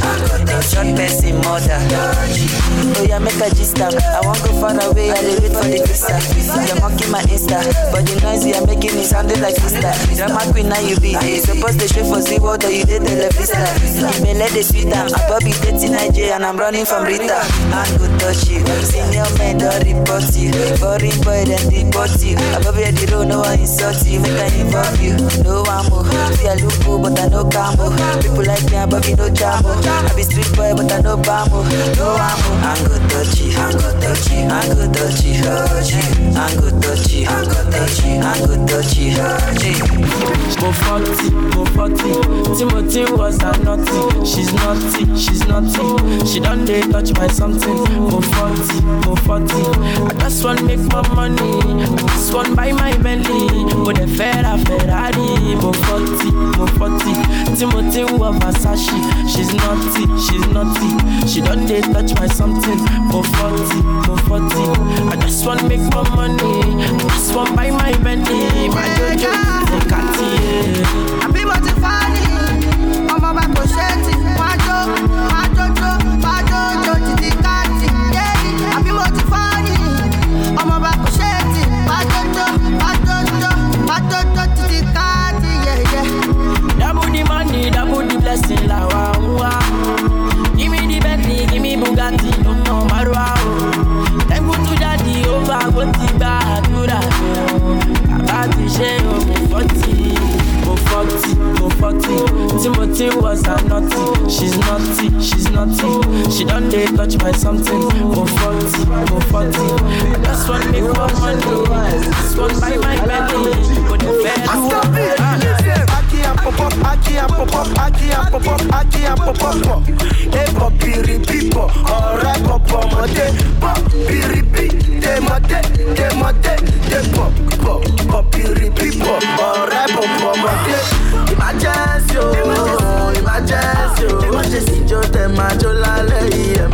Short person mother. Oh yeah, make a gist up. I won't go far away. I live wait for the visa. You're mocking my Insta, but the noise you're making is sounding like sister. Drama queen now you be. Hey, supposed to show for zero, though you did the Vista. You may let the sweet time. I probably dating IJ and I'm running from Rita. Man go touch you. Senior men don't report you. Boring boy then deport you. I Bobby at the road, no one insult you. Make I involve you no ammo. See, I look cool, but I no combo. People like me, but me no jamo. I be street boy, but I no bamo. No ammo. I'm good touchy, I'm good touchy, I'm good touchy, touchy. I'm good touchy, I'm good touchy, I'm good touchy, touchy. Go 40, go 40. Timothy was a naughty. She's naughty, she's naughty. She done they touch by something. Go 40, go 40. I just want make my money. I just want buy my belly. With a Ferrari mo forty, mo forty. Timothy wa Versace, she's naughty, she's naughty. She don't dare touch my something, mo forty, mo forty. I just wanna make my money. they touch my something. Go 40, go 40. This one what make my money. This one buy my belly. But the fair Pop up, I can't pop up, I can't pop up, I can't pop up. Hey, pop, piri, pipo, alright, pop, pop, mate, pop, piri, pi, de, mate, de, mate, de, pop, pop, pop, piri, pipo, alright, pop, pop, mate. imagine oh, emergency, oh, emergency, just imagine.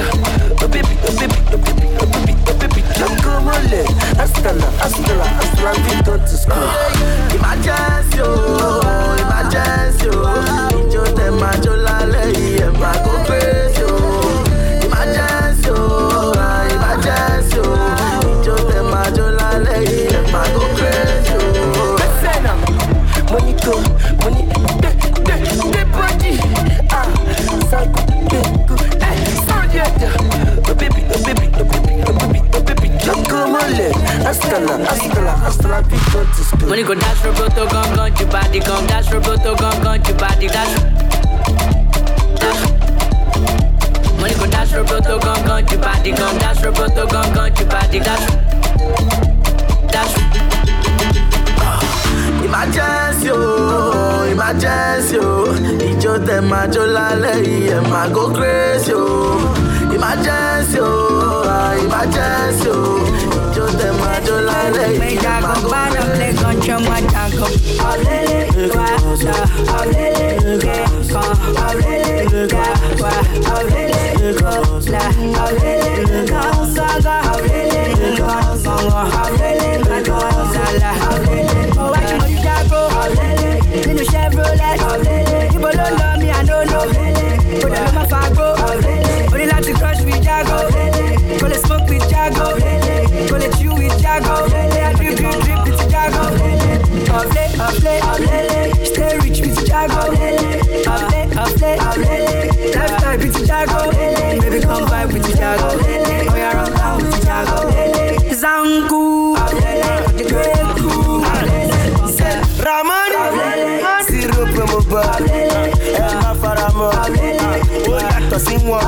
Abuja, Obibi, Obibi, Obibi, Obibi, Obibi, Jakumole, Astana, Astana, Astana, Victor to school. Emergency, oh, emergency, oh, injo them, Astella, Astella, Astella, big practice. When you go dash Roberto, gone, gone, your body gone. Dash Roberto, gone, gone, your body dash. Dash. When you go dash Roberto, gone, gone, your body gone. Dash Roberto, gone, gone, your body dash. Dash. Emergency, you, oh, emergency, you. Oh. Ijó tẹ̀ máa jó lálẹ́ yìí, ẹ̀ máa go crazy, oh. you, oh, you. Jolale Me jago para le you I Drip, it's a Chicago. Stay rich It's a with it's a with Chicago. Baby, come vibe with Chicago. Oh, yeah, run down with Chicago. Zanku. The great crew. Ramani. Zero promo bar. Emma Faramo. Oh, that's a sing one.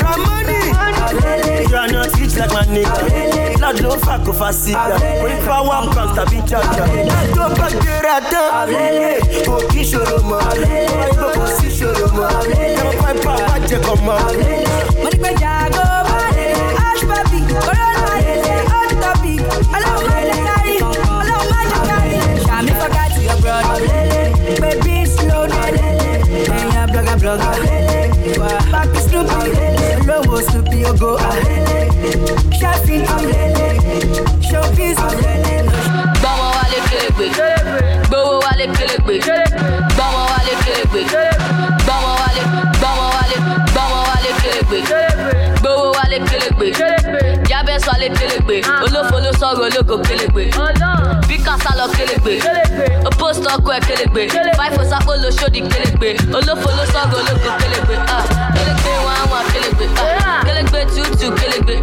Ramani you are not rich like my nigga. Blood low fuck of a cigar. Bring power comes to be charged. Let's go back to Rata. Go kiss your room. Go kiss your I don't fuck Jacob. Money by Jago. Ash Papi. Corona. Hot topic. Allow my carry. Allow my carry. Shami forgot your brother. Baby slow down. Blogger, blogger go go ahead. Shopping ahead. Shopping ahead. Bọ́wọ́ wa lè kélegbe. Gbowó wa lè kélegbe. Bọ́wọ́ wa lè kélegbe. Bọ́wọ́ wa lè bọ́wọ́ wa lè bọ́wọ́ wa lè kélegbe. Gbowó wa lè kélegbe. sọ̀rọ̀ ológo kélegbe. Ọlọ́run bí kàṣà lọ kélégbé opó sọkọ ẹ kélégbé fáìfò sápó lo ṣódì kélégbé olófo ló sọ̀rọ̀ ológo kélégbé kélégbé wọn àwọn kélégbé kélégbé tútù kélégbé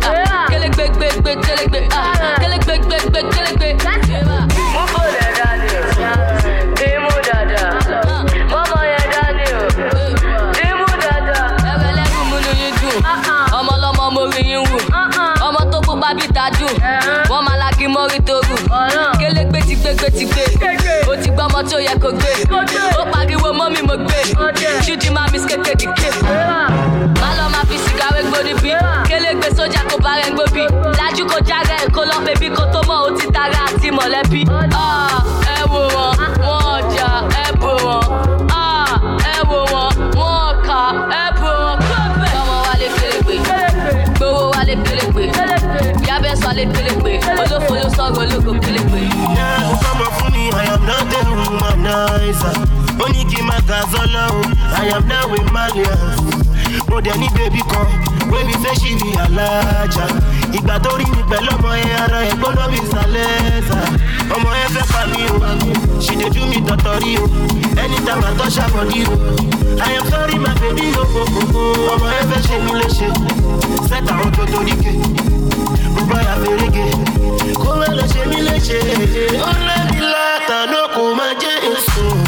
kélégbé gbégbé kélégbé kélégbé gbégbé kélégbé. yẹ kó gbé ó pariwo mọ́ mi mo gbé jíjí máa mi kéke dìke. má lọ máa fi sìgá wé gbóni bí kélégbé sójà kó bá rẹ̀ ń gbóbi lájú kó jára ẹ̀ kó lọ́ bèbí kó tó mọ̀ ó ti tara àti mọ̀lẹ́bí. as alone. I am now with Malia. But then any baby come. Baby say she be a Ìgbà tó rí mi pẹ̀lú ọmọ yẹn ara ẹ̀ gbọ́dọ̀ bí sàlẹ́sà. Ọmọ yẹn fẹ́ pa mí o. She dey do me tọ̀tọ̀rí o. Anytime I touch her body I am sorry my baby o. Ọmọ yẹn fẹ́ ṣe mí léṣe. Set àwọn tó torí ke. Gbogbo àyà fèrèkè. Kó má lọ ṣe mí léṣe. Ó lé mi látà ló kò má jẹ́ èso.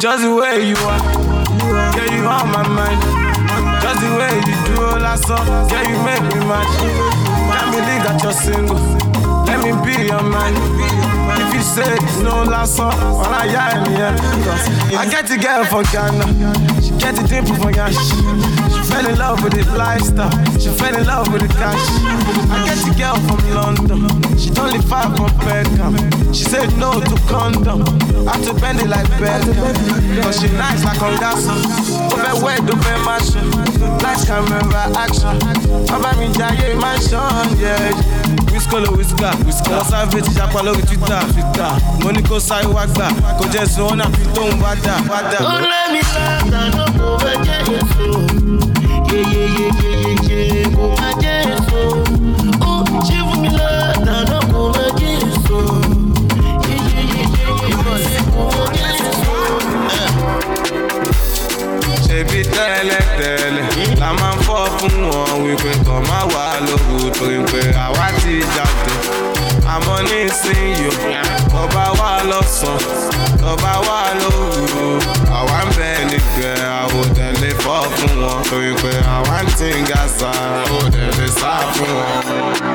Just the way you are, yeah, you on my mind. Just the way you do all that stuff, yeah, you make me mad. Can't believe that you're single. Let me be your man. If you say no lasso, song, well, I yeah, yeah. I get the girl from Ghana, she get the dimple from Ghana fell in love with the lifestyle. She fell in love with the cash. I get a girl from London. She don't live far from Beckham. She said no to condom. I to bend it like Beckham. Cause she nice like Ongasso. Over wed, over mansion. Nice camera action. Baba mi jaye mansion, yeah. Whiskolo whiska, whiska. Lọ́sà fètí ṣapá lórí Twitter, Twitter. Mo ní kó sáré wá gbà. Kò jẹ́ sun ọ́nà fi tóun dà. Don't let me laugh, I don't know where you're yeyeyeyeye kò máa jẹ́ èso ó ṣe fún mi la awa ti amo oba wa I want wà lóru àwa ń bẹ nígbẹ́ àwòtẹ́lẹ̀ fọ́ fún wọn torí pé àwa ń tìǹgà sá àwòtẹ́lẹ̀ sá fún wọn.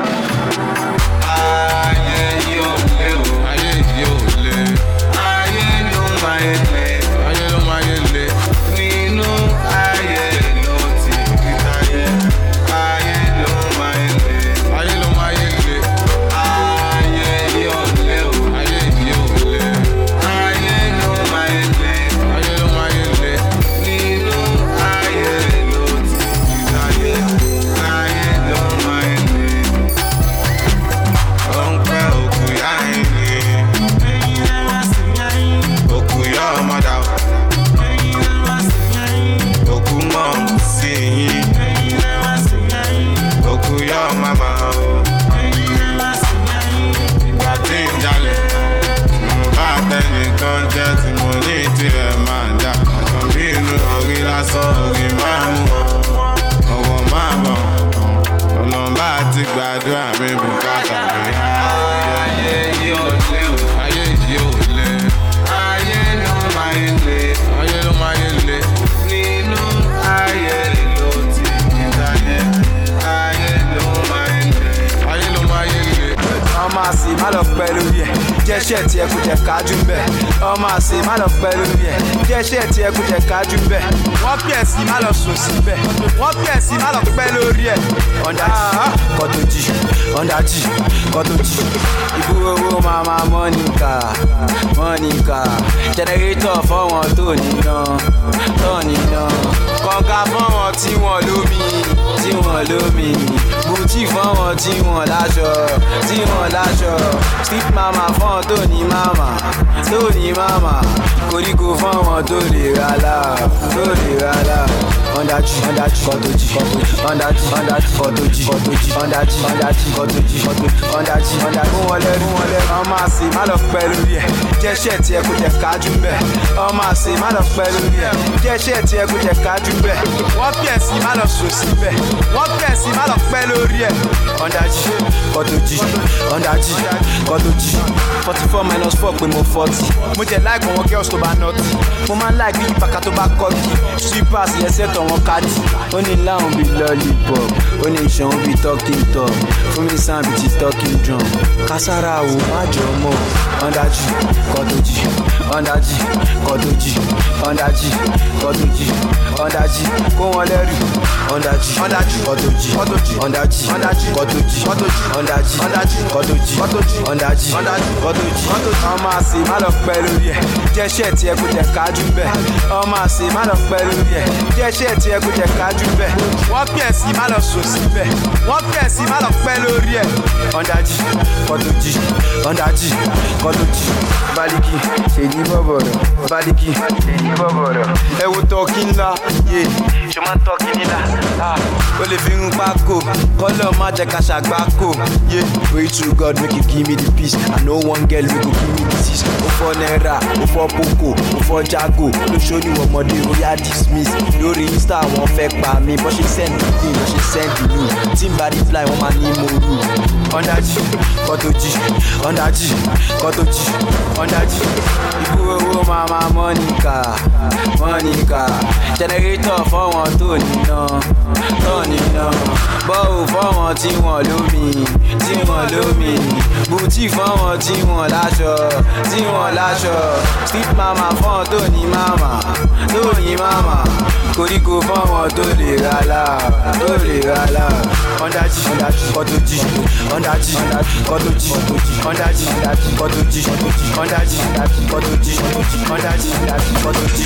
sí má lọ pẹ̀lú rẹ̀ kí ẹ ṣe ẹ̀ tí ẹ kó jẹ kájú bẹ̀ wọ́n bí ẹ̀ sí má lọ sùn síbẹ̀ wọ́n bí ẹ̀ má lọ pẹ́ lórí ẹ̀ ọ̀dàjì ọ̀dàjì kọ́tòjì forty four minus four pé mo forty mo jẹ láìpẹ́ wọn girls tó bá nọ́ọ̀tì mo máa ń láìpẹ́ ìpàkà tó bá kọ́ọ̀tì sweepers yẹn sẹ́tọ̀ wọn káàdì ó ní láwọn bíi lollipop ó ní ìṣàn bíi talking top fún mi sàn bíi ti talking drum kására àwò má jọ mọ́ ọ̀dàjì kọ́tòjì. ọ̀ndàjì kọ̀dọ̀jì ọ̀ndàjì kọ̀dọ̀jì ọ̀ndàjì kó wọn lẹ́rù ọ̀ndàjì ọ̀ndàjì kọ̀dọ̀jì kọ̀dọ̀jì ọ̀ndàjì ọ̀ndàjì kọ̀dọ̀jì kọ̀dọ̀jì ọ̀ndàjì ọ̀ndàjì kọ̀dọ̀jì kọ̀dọ̀jì ọ̀ndàjì ọ̀ndàjì kọ̀dọ̀jì kọ̀dọ̀jì ọmọ àṣì má lọ pẹ́ lórí ẹ̀ jẹ́ iṣẹ́ tí ẹ kò jẹ́ kájú bẹ́ẹ̀ ọmọ àṣì má lọ pẹ́ lórí ẹ̀ jẹ́ iṣẹ́ tí ẹ kò jẹ́ kájú bẹ́ẹ̀ wọ́n pẹ̀ sí má lọ sùn síbẹ̀ wọ́n pẹ̀ sí má lọ pẹ́ lórí ẹ̀ ọ̀ndàjì kọ̀dọ̀jì ọ̀ndàjì kọ̀dọ̀jì baliki Badiki ẹ wo tọ́kí ńlá yé ṣe máa ń tọ́kí nílá o lè fi irun pákó kọ́lọ̀ má jẹ́ ká yé pray to God make you give me the peace I know one girl wey go give me the peace o fọ́ náírà o fọ́ poko o fọ́ jago lóṣó ni ọmọdé oya dismiss lórí insta wọn fẹ́ pa mi bó ṣe send me bó ṣe send me tí n bá reply wọn máa ní mo rú ọ̀ndájì kọ́tọ́jì ọ̀ndájì kọ́tọ́jì ọ̀ndájì. Whoa, mama Monica, Monica. Generator fọ́wọ́n tó níná, tó níná. Bọ́ọ̀ fọ́wọ́n tí wọ́n lómi, tí wọ́n lómi. Bùtì fọ́wọ́n tí wọ́n láṣọ, tí wọ́n láṣọ. Street mama fọ́n tó ní mama, tó ní mama. Koríko fọ́wọ́n tó lè rálá, tó lè rálá. ọ̀ndájì kọ́tòjì ọ̀ndájì kọ́tòjì ọ̀ndájì kọ́tòjì ọ̀ndájì kọ́tòjì ọ̀ndájì kọ́tòjì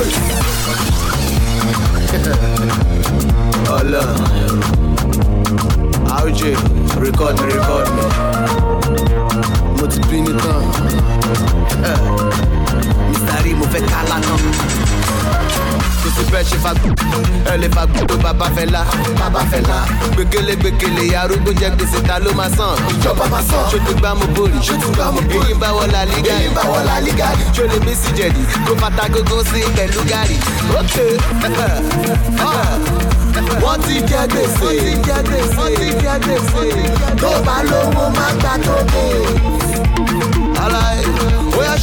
ọ̀ndájì. ọlọ́run rj record me record me mo ti bí nìkan mr rí mo fẹ́ ká lánàá. bẹ́ẹ̀ fagbó ẹ lè fagbó tó bàbá fẹ́ la bàbá fẹ́ la. gbẹ̀gẹ̀lẹ̀ gbẹ̀gẹ̀lẹ̀ arúgbó jẹ gbèsè ta ló máa san. ìjọba máa san. ṣojú gbá mo borí ṣojú gbá mo borí. èyí bá wọ la liga yìí èyí bá wọ la liga yìí. ṣo lè mí sí jẹ̀dí kó fata gógó sí pẹ̀lú gàrí. ókè wọ́n ti jẹ gbèsè wọ́n ti jẹ gbèsè wọ́n ti jẹ gbèsè tó bá lówó má gbà tó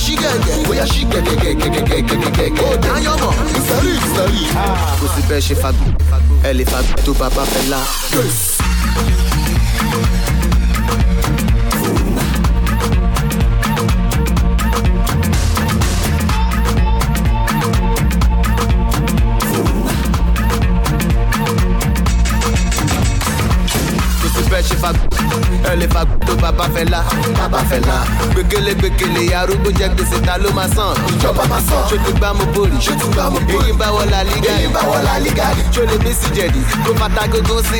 ṣígẹ̀gẹ̀ bóyá ṣígẹ̀gẹ̀gẹ̀gẹ̀gẹ̀gẹ̀ kò dáyọ̀mọ̀ ẹlẹ́fà tó bàbá fẹ́ la bàbá fẹ́ la gbẹgẹlẹ gbẹgẹlẹ arúgbó jẹ gbèsè ta ló máa san ìjọba máa san ṣó ti gbá mo borí ṣó ti gbá mo borí èyí ń bá wọlá lígàrí èyí ń bá wọlá lígàrí ṣó lè mí sí jẹ̀dí kó fata gógó sí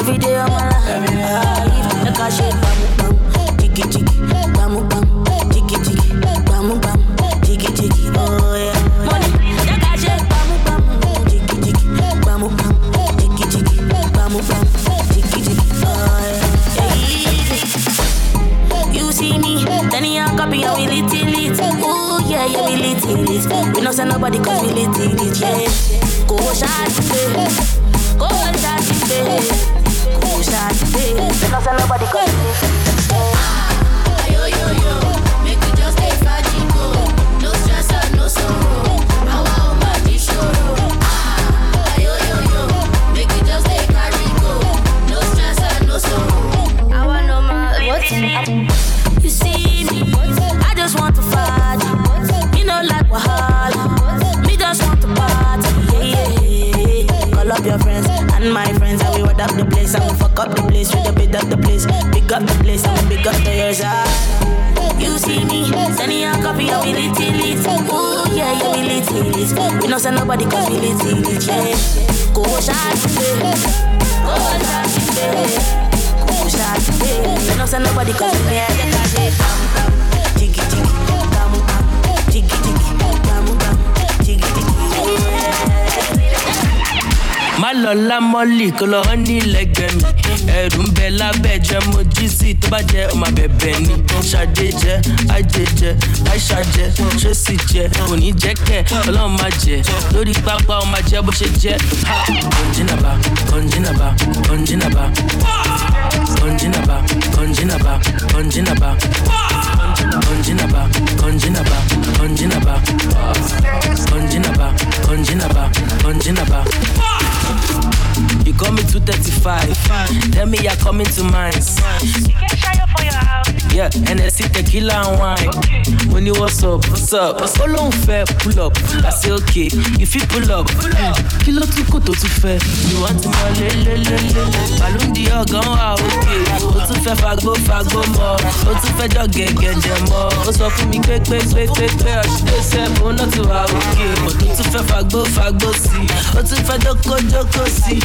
Every day of my life. Like I shake bam bam, jiggy jiggy, bam bam, bam bam, jiggy jiggy. Oh, I bam bam, You see me, we lit it. Oh yeah, we lit it. it. Yeah. Go shot, go shot, baby can't see. Nothing nobody can see. this with the bid at the place. Pick up the place, I'ma up the years. Ah. You see me, sending a copy of it, it, Ooh, yeah, yeah, we lit, it. We don't send nobody cause we lit, it, yeah. Go shot, Go shot, Go shot, We don't send nobody cause we lit, it, má lọ lámọ́lì kó lọ hán ní lẹ́gbẹ̀ẹ́ mi ẹ̀rù ń bẹ lábẹ́ jẹ mo jí sí tó bá jẹ ọmọ bẹ̀bẹ̀ ni ṣàdé jẹ àjẹ jẹ àìṣà jẹ ṣé sì jẹ kò ní jẹ kẹ ọlọ́run má jẹ lórí pápá ọmọ jẹ bó ṣe jẹ kọ̀njínàbà kọ̀njínàbà kọ̀njínàbà kọ̀njínàbà kọ̀njínàbà kọ̀njínàbà kọ̀njínàbà kọ̀njínàbà kọ̀njínàbà kọ̀njínàbà kọ̀njínàbà kọ̀njínàbà. Thank you. You call me 235. Tell me you're coming to mine. You get shadow for your house. Yeah, NSC tequila and wine. Okay. When you what's up, what's up? Olóhùn fẹ́ pull up. Pull I say okay, If you fit pull up. Kí ló tún kò tó fair. You want mọ lélélélé. Balloon di ọ̀gán wa òkè. O tún fẹ́ fagbó fagbó mọ́. O tún fẹ́ jọ gẹ̀gẹ̀dẹ̀ mọ́. O sọ fún mi pé pé pé pé pé ọ̀ṣunlé sẹ́ẹ̀bù náà tún wà òkè. O tún fẹ́ fagbó fagbó sí. O tún fẹ́ jókòó jókòó sí.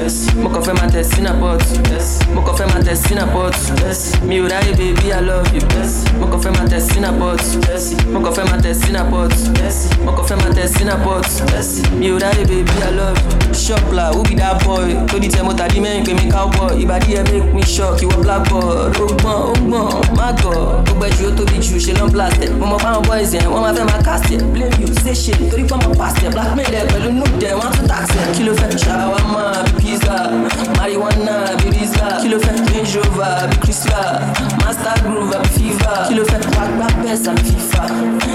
Yes. Mo kàn fẹ́ máa tẹ̀ sínú pot. Yes. Mo kàn fẹ́ máa tẹ̀ sínú pot. Yes. Mi ò ráyè baby I love you. Yes. Mo kàn fẹ́ máa tẹ̀ sínú pot. Yes. Mo kàn fẹ́ máa tẹ̀ sínú pot. Yes. Mo kàn fẹ́ máa tẹ̀ sínú pot. Yes. Mi ò ráyè baby I love you. Shopla who be that boy? Tó di tẹ mo tàdí mẹ́rin pé mi cowboy. Ìbàdí ẹ make me shock ìwọ black boy. Ó gbọ́n ó gbọ́n má gọ̀. Gbogbo ẹ̀jú ó tóbi jù ṣe lọ́n blasted. Mo mọ fáwọn boys yẹn wọ́n máa fẹ́ máa cast it. Blame you ṣe ṣe torí pé ọmọ past it. Blackmail ẹ pẹ̀lú nude ẹ̀ wọ́n á tún tax ẹ̀. Kí ló fẹ́ ṣàwámà pizza, marijuana, baby qui le fait be Crispa, Master Groove, be FIFA, qui le fait Wack Black Pest, FIFA,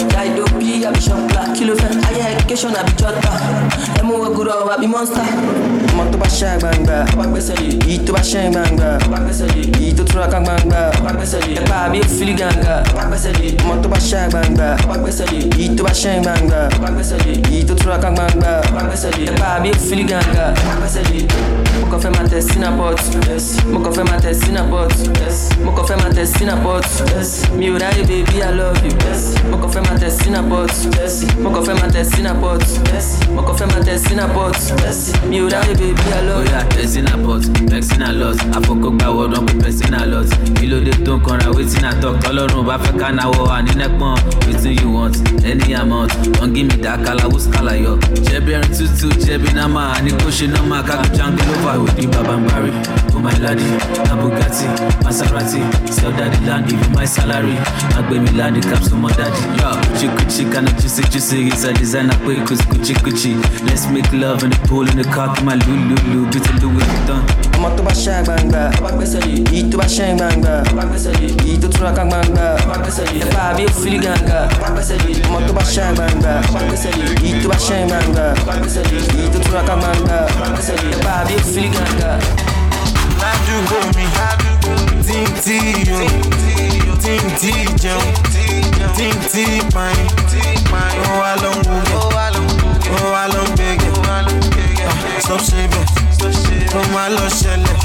Daido P, be Shopla, qui le fait Higher Education, be Jota, MO Guru, be Monster. Ọmọ tó bá ṣe àgbàǹgbà, èyí tó bá ṣe àgbàǹgbà, èyí tó túra kan gbàǹgbà, ẹ̀pá àbí òfìlì gàǹgà. Ọmọ tó bá ṣe àgbàǹgbà, èyí tó bá ṣe àgbàǹgbà, èyí tó túra kan gbàǹgbà, ẹ̀pá àbí òfìlì gàǹgà. Mo kàn fẹ́ máa tẹ̀ sínú abọ́t. Mo kàn fẹ́ máa tẹ̀ sínú abọ́t. Mo kàn fẹ́ máa tẹ̀ sínú abọ́t. Mi ò ráyè baby I love you. Mo kàn fẹ́ máa tẹ̀ sínú abọ́t. Mo kàn fẹ́ máa tẹ̀ sínú abọ́t. Mo kàn fẹ́ máa tẹ̀ sínú abọ́t. Mi ò ráyè baby I love you. Oya tẹ̀ sínú abọ́t, tẹ̀ sínú alọ́t. Àfọkọ́ gbà wọ náà kó tẹ̀ sínú alọ́t. Ìlódé tó ń kanra wetin I talk. Tọ́lọ́run bá fẹ́ ká náwó ànínẹ́pọ̀n. Wetin you want, any amount. Wọ́n gí mi dákàlà, who's kàlà yọ? Jẹ̀bi ẹrin tútù, jẹ̀bi náà máa ní kó ṣe náà máa over with the Babambari. for my lady, na Bugatti, Maserati. Sell daddy land, even my salary. I gave me laddie caps to my daddy. Yo, Gucci Gucci, kinda juicy juicy. It's a designer quick, cause Gucci Gucci. Let's make love in the pool, in the car, my Lulu, Lulu, do it done ọmọ tó bá ṣá gbangba èyí tó bá ṣá gbangba èyí tó túra ká gbangba ẹ̀fà àbí òfìlì gàǹgà ọmọ tó bá ṣá gbangba èyí tó bá ṣá gbangba èyí tó túra ká gbangba ẹ̀fà àbí òfìlì gàǹgà. ládùúgbò mi tí n tí yọ tí n tí jẹun tí n tí pààyàn ó wà ló ń wúlò ó wà ló ń wúlò stop my ṣe bẹ̀ kó máa lọ ṣẹlẹ̀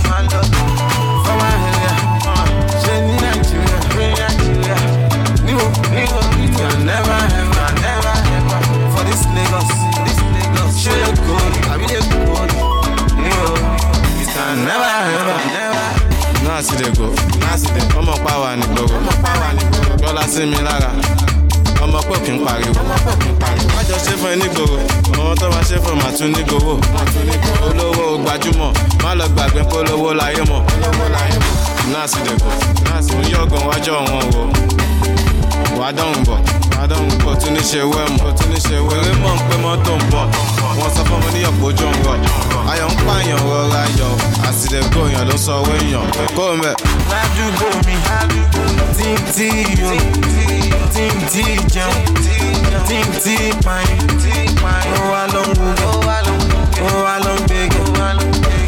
fọwọ́ Bring ṣe ní nàìjíríà níwò you ìjà never ever never ever for this Lagos this Lagos ṣe é kó àbí lè kó you ìjà never ever never. náà sì lè go náà sì lè ọmọ pàwọn ànígbòrò ọmọ pàwọn ànígbòrò lọ́la sí mi lára. ọmọ pọ̀ kí n pariwo. májọ ṣe fún ẹ nígboro àwọn tó máa ṣe fún màá tún nígboro. olówó gbajúmọ̀ má lọ gbàgbé polówó láyé mọ̀. náà sì dẹ̀kọ̀ náà sì ń yọ̀gàn wájọ́ wọn wò. wà á dán bọ̀ wà á dán bọ̀ tún ní ṣe wẹ́ mọ̀ tún ní ṣe wẹ́ mọ̀ ń pẹ́ mọ́tò ń bọ̀ wọ́n sọ fún mi ní ọ̀pọ̀ ojú ń rọ̀ ayọ̀ ń pààyàn rọra yọ̀ àsìlẹ̀ gòyàn ló sọ owó èèyàn kó o mẹ́. ládùúgbò mi tí n tí yo tí n tí jẹun tí n tí pààyàn ó wá me laduugbo mi ń wúwo ó wá ló ń gbégi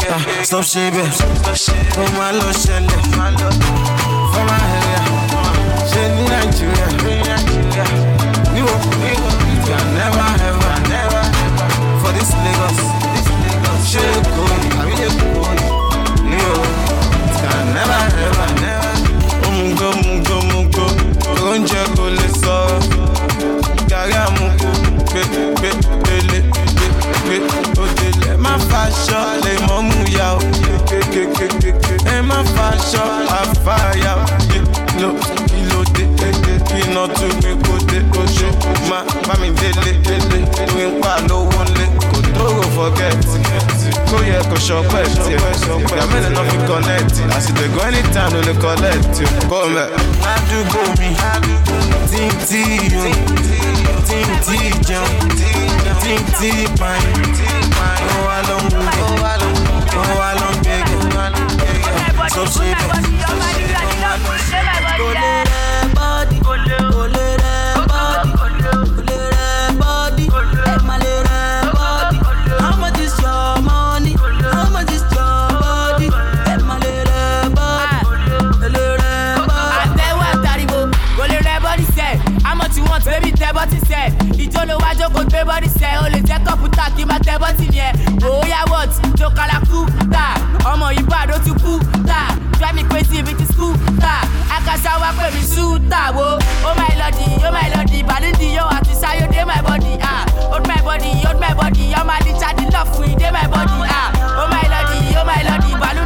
ah, stop ṣe bẹ́ẹ̀ ó má lọ ṣẹlẹ̀ any Nigeria, you never ever, never for this Lagos, this Lagos. Shake on, I mean you on, you never ever, never. Mungo, mungo, mungo, oúnjẹ kò lè sọ. Gàrà mungo, pé pé pélé pé òdèlè má faṣọ lè mọ́ mú ya o. Ẹ má faṣọ àfàyè. forget kó yẹ kó ṣọpẹ́ tiẹ̀ ìgbà mélòó náà fi connect àsìtẹ̀gùn anytime ló lè collect kó mẹ́. ting ting tí ting ting yo tí n tí jẹun tí n tí pààyàn ó wá ló ń gbé ó wá ló ń gbé tó ṣe bẹ́ẹ̀. olówó àjòkò gbé bọ́dí sẹ́ o lè jẹ́ kọ̀pútà kí n máa tẹ bọ́tì yẹn bóyá what jokala kú tà ọmọ yìí bá àdó ti kú tà fẹ́mi pé tí ibi ti kú tà akásá wa pè mí ṣúta wo oh oh ó máa lọ di ó máa lọ di ìbàdídì yóò àti sáyódé my body ah old my body old my body ọmọ adichadi love fún ìdé my body ah ó máa lọ di ó máa lọ di ìbàlú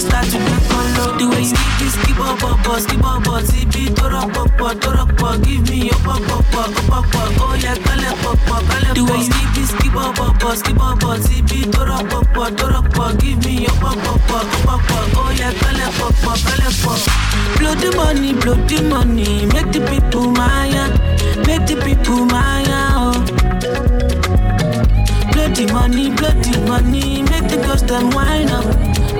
start to look on low. The way you need this, keep up, up, up, keep up, up, CB, drop, up, up, drop, up. give me your pop, pop, pop, pop, pop, oh yeah, call it, pop, pop, call it. The way you need this, keep up, up, up, keep up, up, CB, drop, up, up, drop, up. give me your pop, pop, pop, pop, pop, oh yeah, call it, pop, pop, call it, pop. Blow the money, blow the money, make the people maya, make the people maya, oh. Blow the money, blow the money, make the girls them wine up.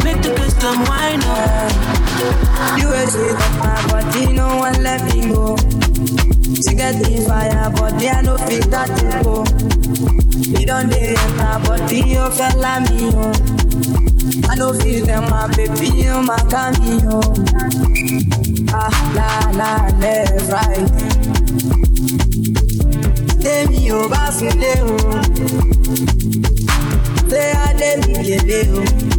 Make the custom wine up. Oh. You a shit of my body, no one let me go. She get the fire, body I no fit that to go. You don't dare my body, you oh, fell like me, oh. I no feel them, my baby, you oh, my cameo. Ah, la, la, left, right. Temi o basunle o, te ademi kele o.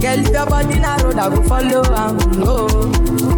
Girl, if your body na road, I go follow Um, oh.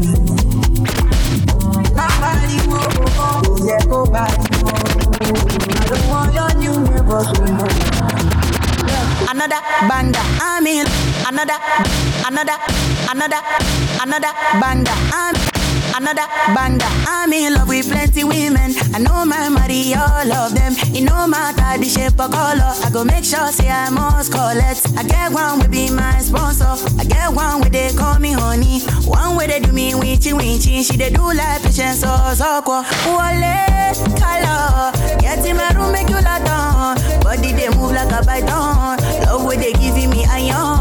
there go I don't want your new neighbors Another banda, I mean, another, another, another, another banda, I am another banger. I'm in love with plenty women. I know my money, all of them. It no matter the shape or color. I go make sure say I must collect. I get one with be my sponsor. I get one where they call me honey. One where they do me winchy winchy. She they do like patience or soko. Wale color. Get in my room, make you like on. Body they move like a python. Love where they giving me iron.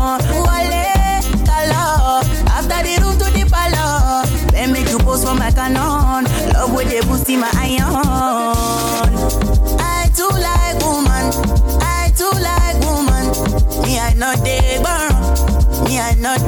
pussy my iron. I too like woman, I too like woman. Me I not they burn, me I not.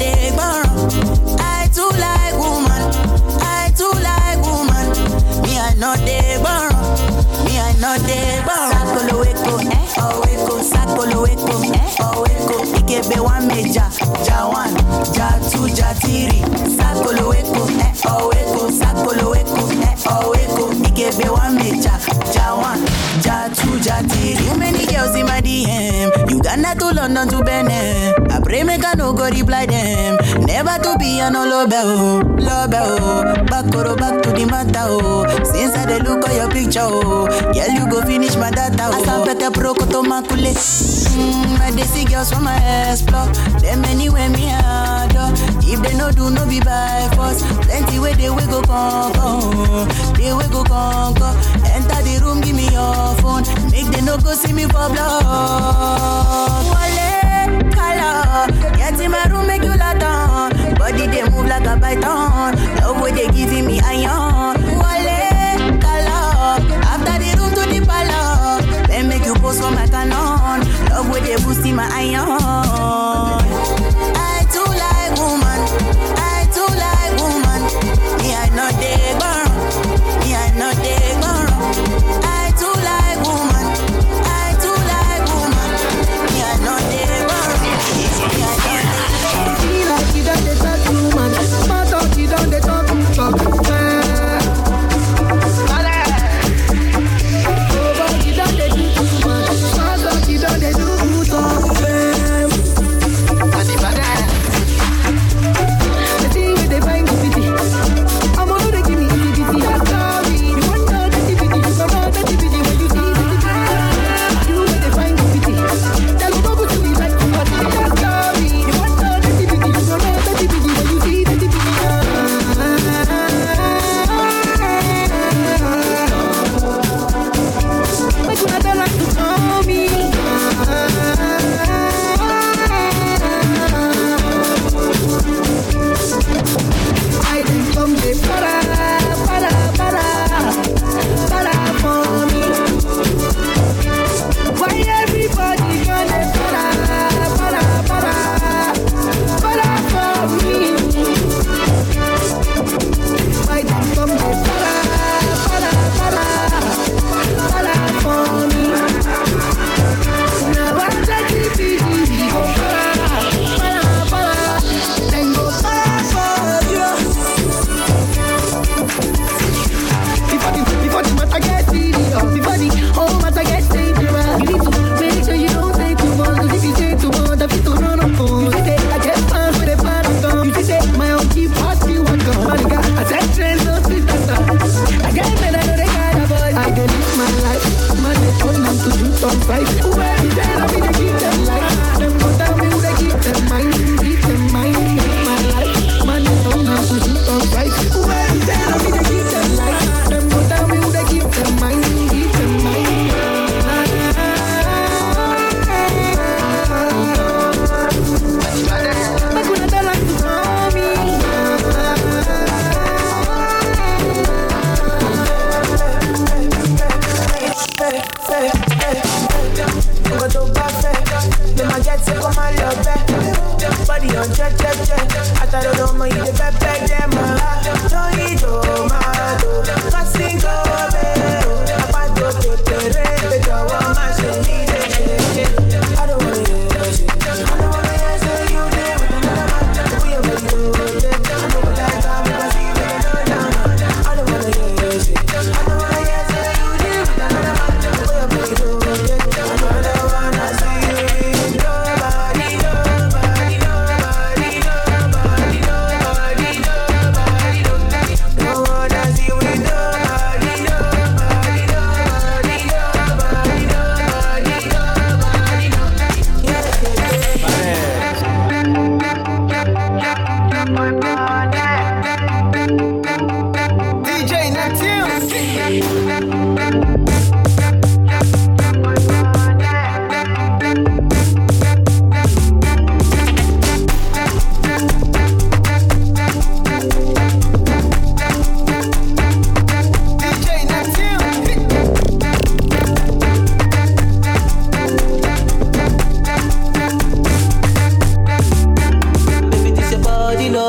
party. Too many girls in my DM. You going to to London to Benin. I pray make I no go reply them. Never to be a no lobby, oh, lobby, oh. Back or back to the matter, oh. Since I look at your picture, oh. Girl, you go finish my data, oh. I saw better pro to makule. Mm, my desi girls from my ass block. Them anywhere me adore. If they no do, no be by force. Plenty where they will go conquer, oh. They will go conquer enter the room, give me your phone. Make them no go see me for blood. Wale, color, get in my room, make you lot on. Body they move like a python. Love what they giving me iron. Wale, color, after the room to the palace. Then make you post for my canon. Love what they boosting my iron.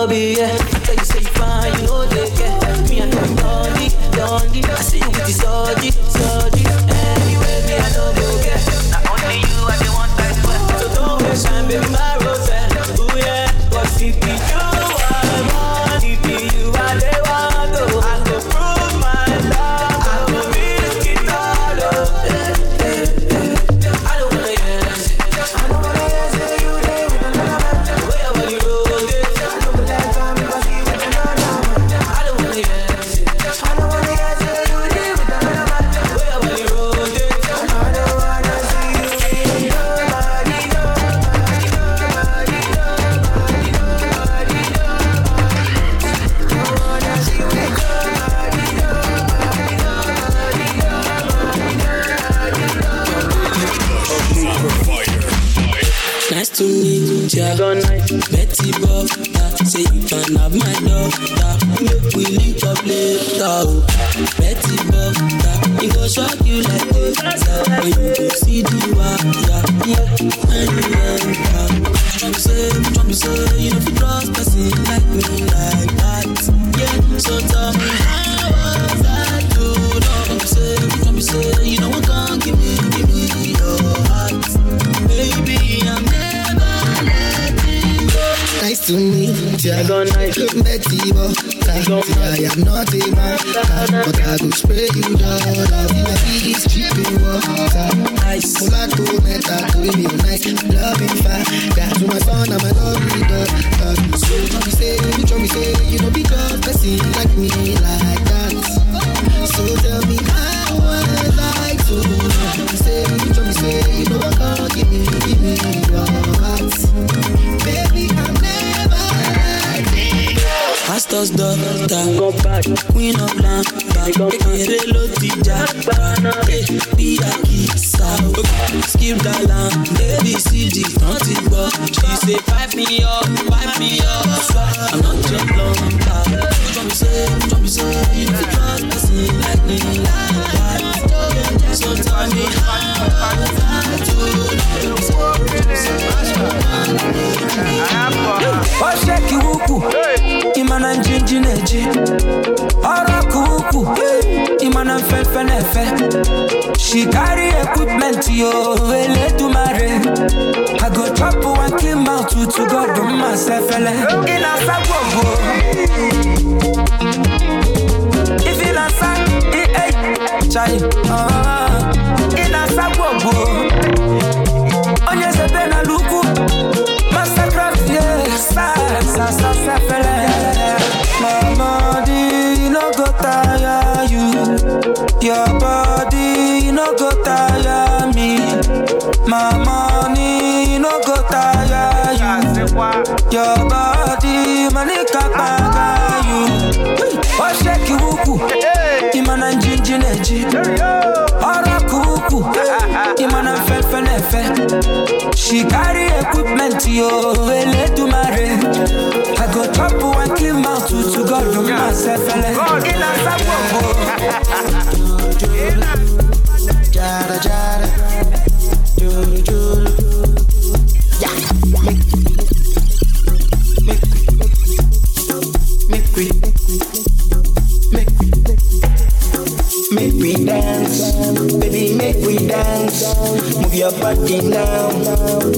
love it, yeah. Tell you say you fine, you know they get me and your body, don't mefe. She carry equipment, yo, ele to marry. I go chop one clean mouth to to go do myself, ele. In a sagwogo. If in a sag, eh, eh, chai. Uh-huh. in a your body, manika baga you. Washeki wuku, imana njinji neji. Ora kuku, imana fefe nefe. She carry equipment yo, ele tumare. I go top one kill mouth to to God to myself ele. a sapo. Jara jara. your body now,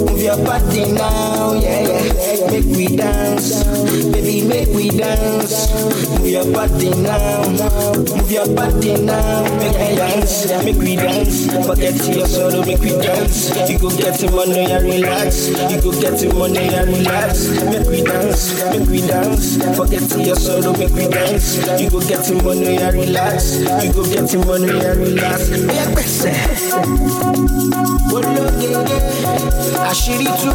move your body now, yeah, yeah. Make we dance, baby, make we dance. Move your body now, move your body now, make we dance, make we dance. Forget your sorrow, make we dance. You go get the money and relax. You go get the money and relax. Make we dance, make we dance. Forget your sorrow, make we dance. You go get the money and relax. You go get the money and relax. Yeah, ológege àṣírí tú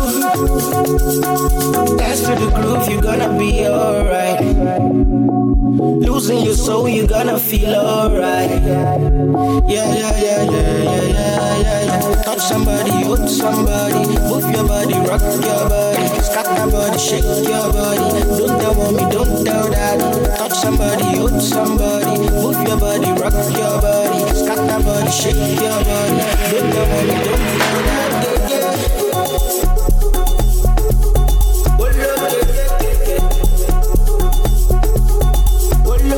dance to the groove you gonna be alright losing your soul you gonna feel alright yeah yeah yeah yeah yeah yeah yeah, touch somebody hold somebody move your body rock your body scatter body shake your body don't tell mommy don't tell daddy touch somebody hold somebody move your body rock your body your body, shake your body, shake your body, do me like that, yeah, yeah. words the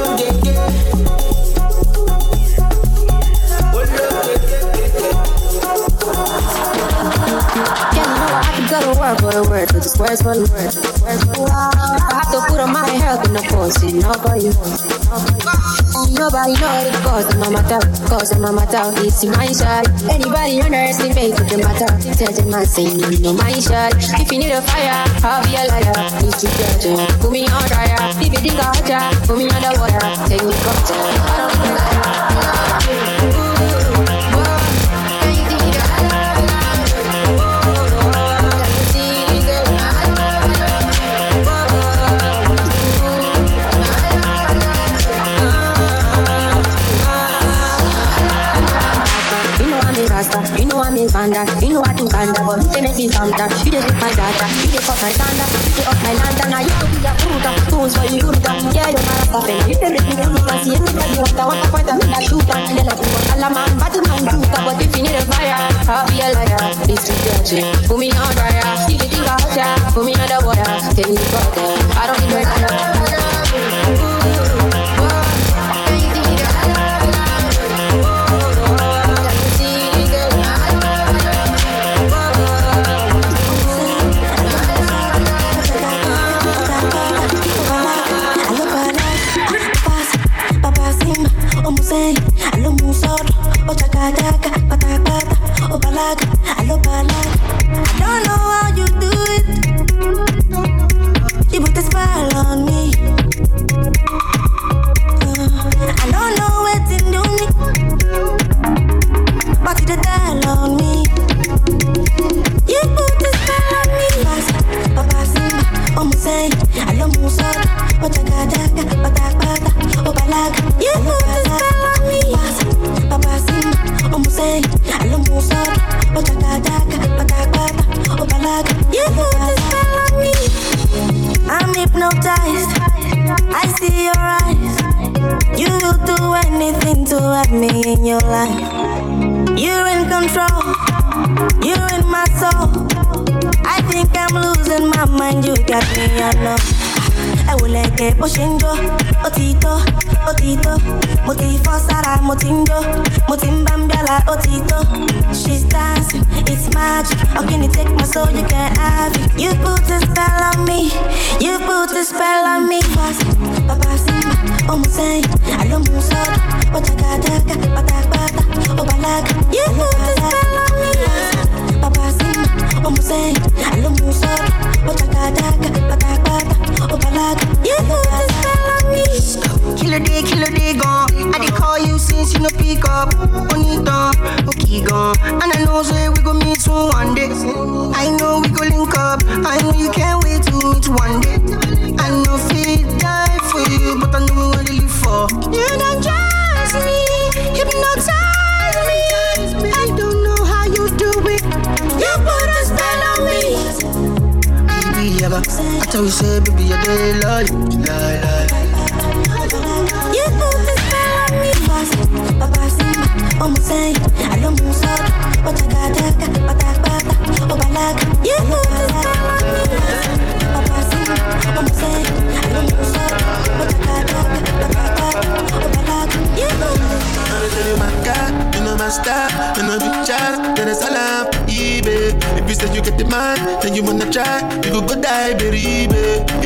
word. I have to put on my health in the force, you know, but you want. Nobody know what it caused my matter, caused my matter. It's in my shot. Anybody underestimate it matter. Tell my saying you know my shot. If you need a fire, I'll be a liar. If you judge, put me on fire. If you think I'll put me underwater. Take me culture. I don't care. me panda. You know I do panda, but they make me panda. You just take my data, you just fuck my panda, you just up my lanta. Now you to be a puta, fools for you puta. Yeah, you are a puppet. You can make me a puta, see everybody want to want to point at me like shooter. And then I do a man, but man shooter, but if you need a fire, I'll be a liar. This is your Put me on fire, you just think i hot hot, put me on the water. Take me further, I don't need no Ochakataka, patakata, obalaga, alopalaga anything to have me in your life. You're in control, you're in my soul. I think I'm losing my mind, you got me, I know. ẹ wò lẹ́kẹ̀ bó ṣe ń jó ó ti tó ó ti tó mo ti fọ́ sára mo ti ń jó mo ti ń bá ń bíọ́lá ó ti tó. she's dancing it's magic how can you take my soul you can't have it. you put a spell on me you put a spell on me. bàbá simba ó mú sẹ́yìn àlọ́ mú sọ́dọ̀. man, and you wanna try, you could go die, baby.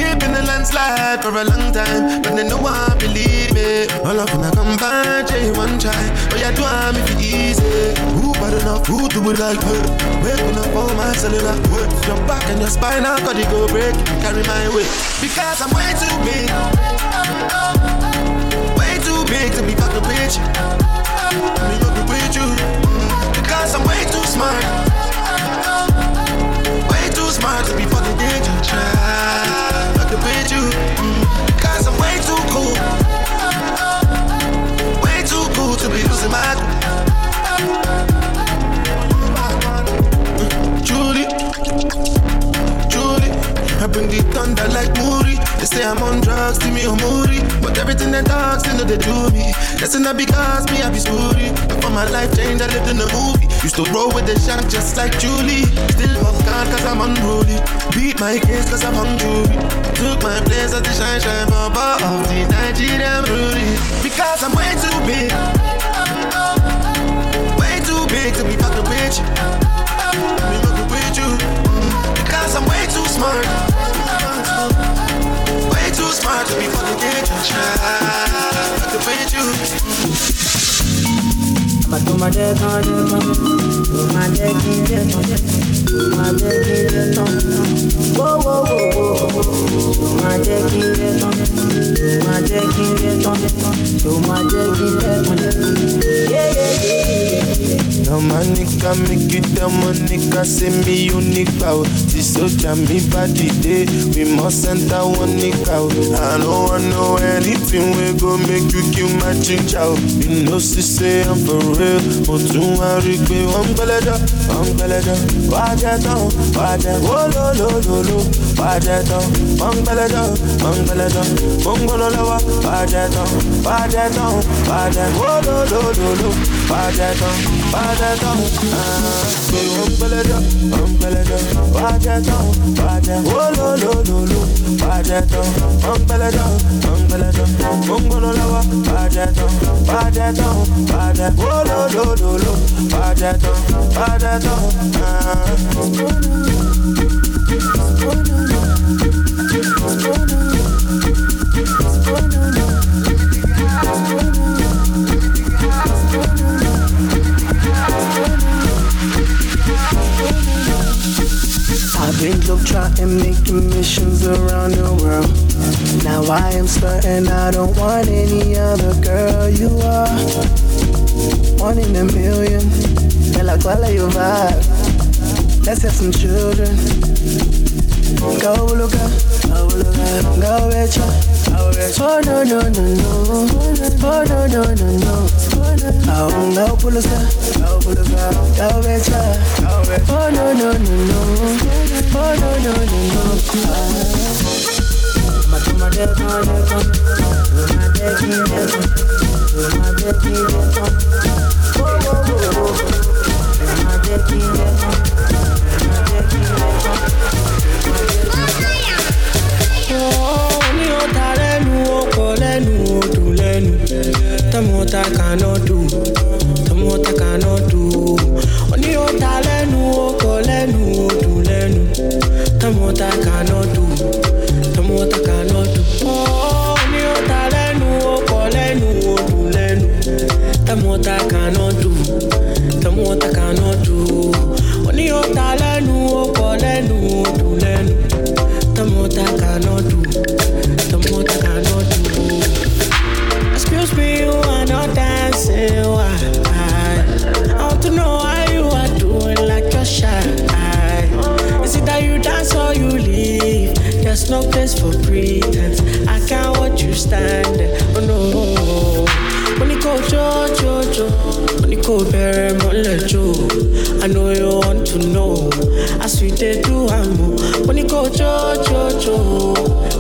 It been a landslide for a long time, but they know I believe it. All of when I come back, yeah, you one try, but you do me for easy. Who bad enough, who do it like her? Waking up all my cellular work. Your back and your spine, I got it go break. Carry my weight, because I'm way too big. Way too big to be fucking bitch. Let me fucking with you. Because I'm way too smart smart to be fucking did you try? Fucking with you, mm. cause I'm way too cool. Way too cool to be losing my cool. Mm. Julie, Julie, I bring the thunder like Moody. They say I'm on drugs, see me on moody. But everything they talk, they know they do me. That's not because me, I be spooky. Before my life changed, I lived in a movie. Used to roll with the shark just like Julie. Still on God, cause I'm unruly. Beat my case, cause I'm unruly. Took my place at the shine, shine, baba of the Nigerian Rudy. Because I'm way too big. Way too big to be fucking with you. Be fucking with you. Mm. Because I'm way too smart smart before be falling in your trap. I could pay you. But to my dead, my dead, my dead, my dead, my dead, my dead. My dead, my dead, my dead. Whoa, whoa, whoa, whoa, My dead, my dead, my dead. My dead, my dead, my dead. My dead, my dead, my now my nigga make you tell my nigga say me unique bow. This soldier me body day. We must enter one nigga I don't want no anything we go make you kill my chinchow. You know she say I'm for real. But you worry pé wọ́n gbẹlẹ́dọ̀ wọ́n gbẹlẹ́dọ̀. Wá jẹ tán wá jẹ wólólólóló. Wá jẹ tán wọ́n gbẹlẹ́dọ̀ wọ́n lo Mo ń gbọ́dọ̀ lọ́wọ́ wá jẹ tán wá jẹ tán wá jẹ wólólólóló. Wá jẹ tán wá Bajẹ́tọ̀, òǹpẹlẹjọ, bajẹ́, bajẹ́, Of trying making missions around the world. Now I am certain I don't want any other girl. You are one in a million. Me la cual you vibe. Let's have some children. Go look up, go look up, go bet you. Oh no no no no Oh no no no no Oh no pull us up Go pull you it. Oh no no no no. Oh no no no no. My dear, my dear, my dear, my dear, my dear, my dear, my dear, oh oh oh oh. My dear, my dear, my dear, my dear mi ò ta lẹ́nu ó kọ lẹ́nu ó dùn lẹ́nu. Tell me what I cannot do. Tell me what I cannot do ó ta lẹ́nu ó kọ lẹ́nu ó dùn lẹ́nu tọmọta kaná dùn tọmọta kaná omi oh, lẹ́nu lẹ́nu kaná kaná place for pretense. I can't watch you standing. Oh no. When you go jo jo jo, when you go bare mole jo, I know you want to know. I sweet they do amo. When you go jo jo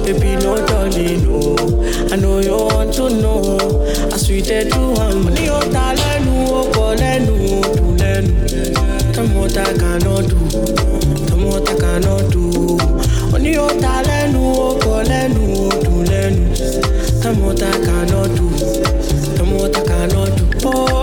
baby no darling no. I know you want to know. I sweet they do amo. Ni o ta who o ko lenu o du lenu. Tell what I cannot do. what I cannot do. When you talent lẹ́nu ó lẹ́nu ó lẹ́nu. Tọ́mọ tọ́mọ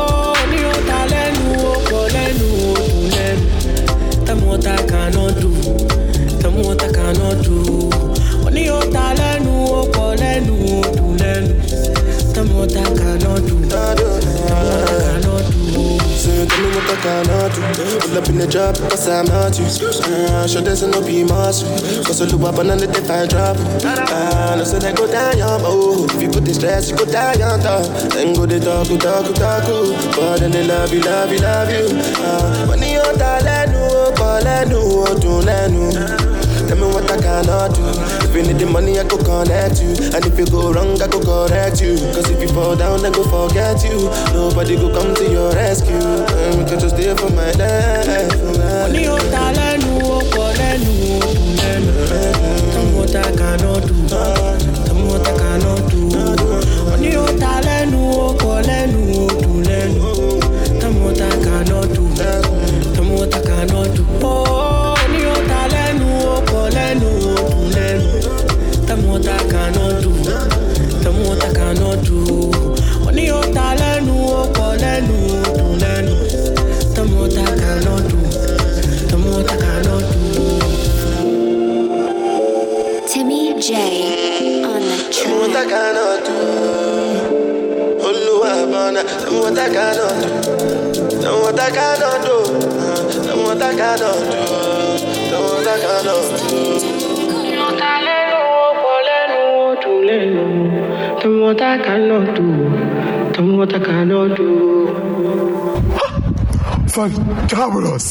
Tell me what I cannot do. Pull up in the drop, cause I'm not you. Uh, sure there's no be muscle. Cause I look up and the dip I drop. Ah, no, so that go down, you Oh, if you put the stress, you go down, y'all. Then go the talk, talk, talk. But then they love you, love you, love you. Uh, money on you're tired, let no, but let no, don't let Tell me what I cannot do. If you need the money, I go connect you. And if you go wrong, I go correct you. Cause if you fall down, I go forget you. Nobody go come to your rescue. And we can just stay for my life. Money on talent, no, for no, no, cannot do. Oluwabana, tell me what I cannot do. Tell me what I cannot do. Tell me what I cannot do. Tell me what I cannot do. Yọ̀tà lẹ́nu what I cannot do. what I cannot do. Fantabulous.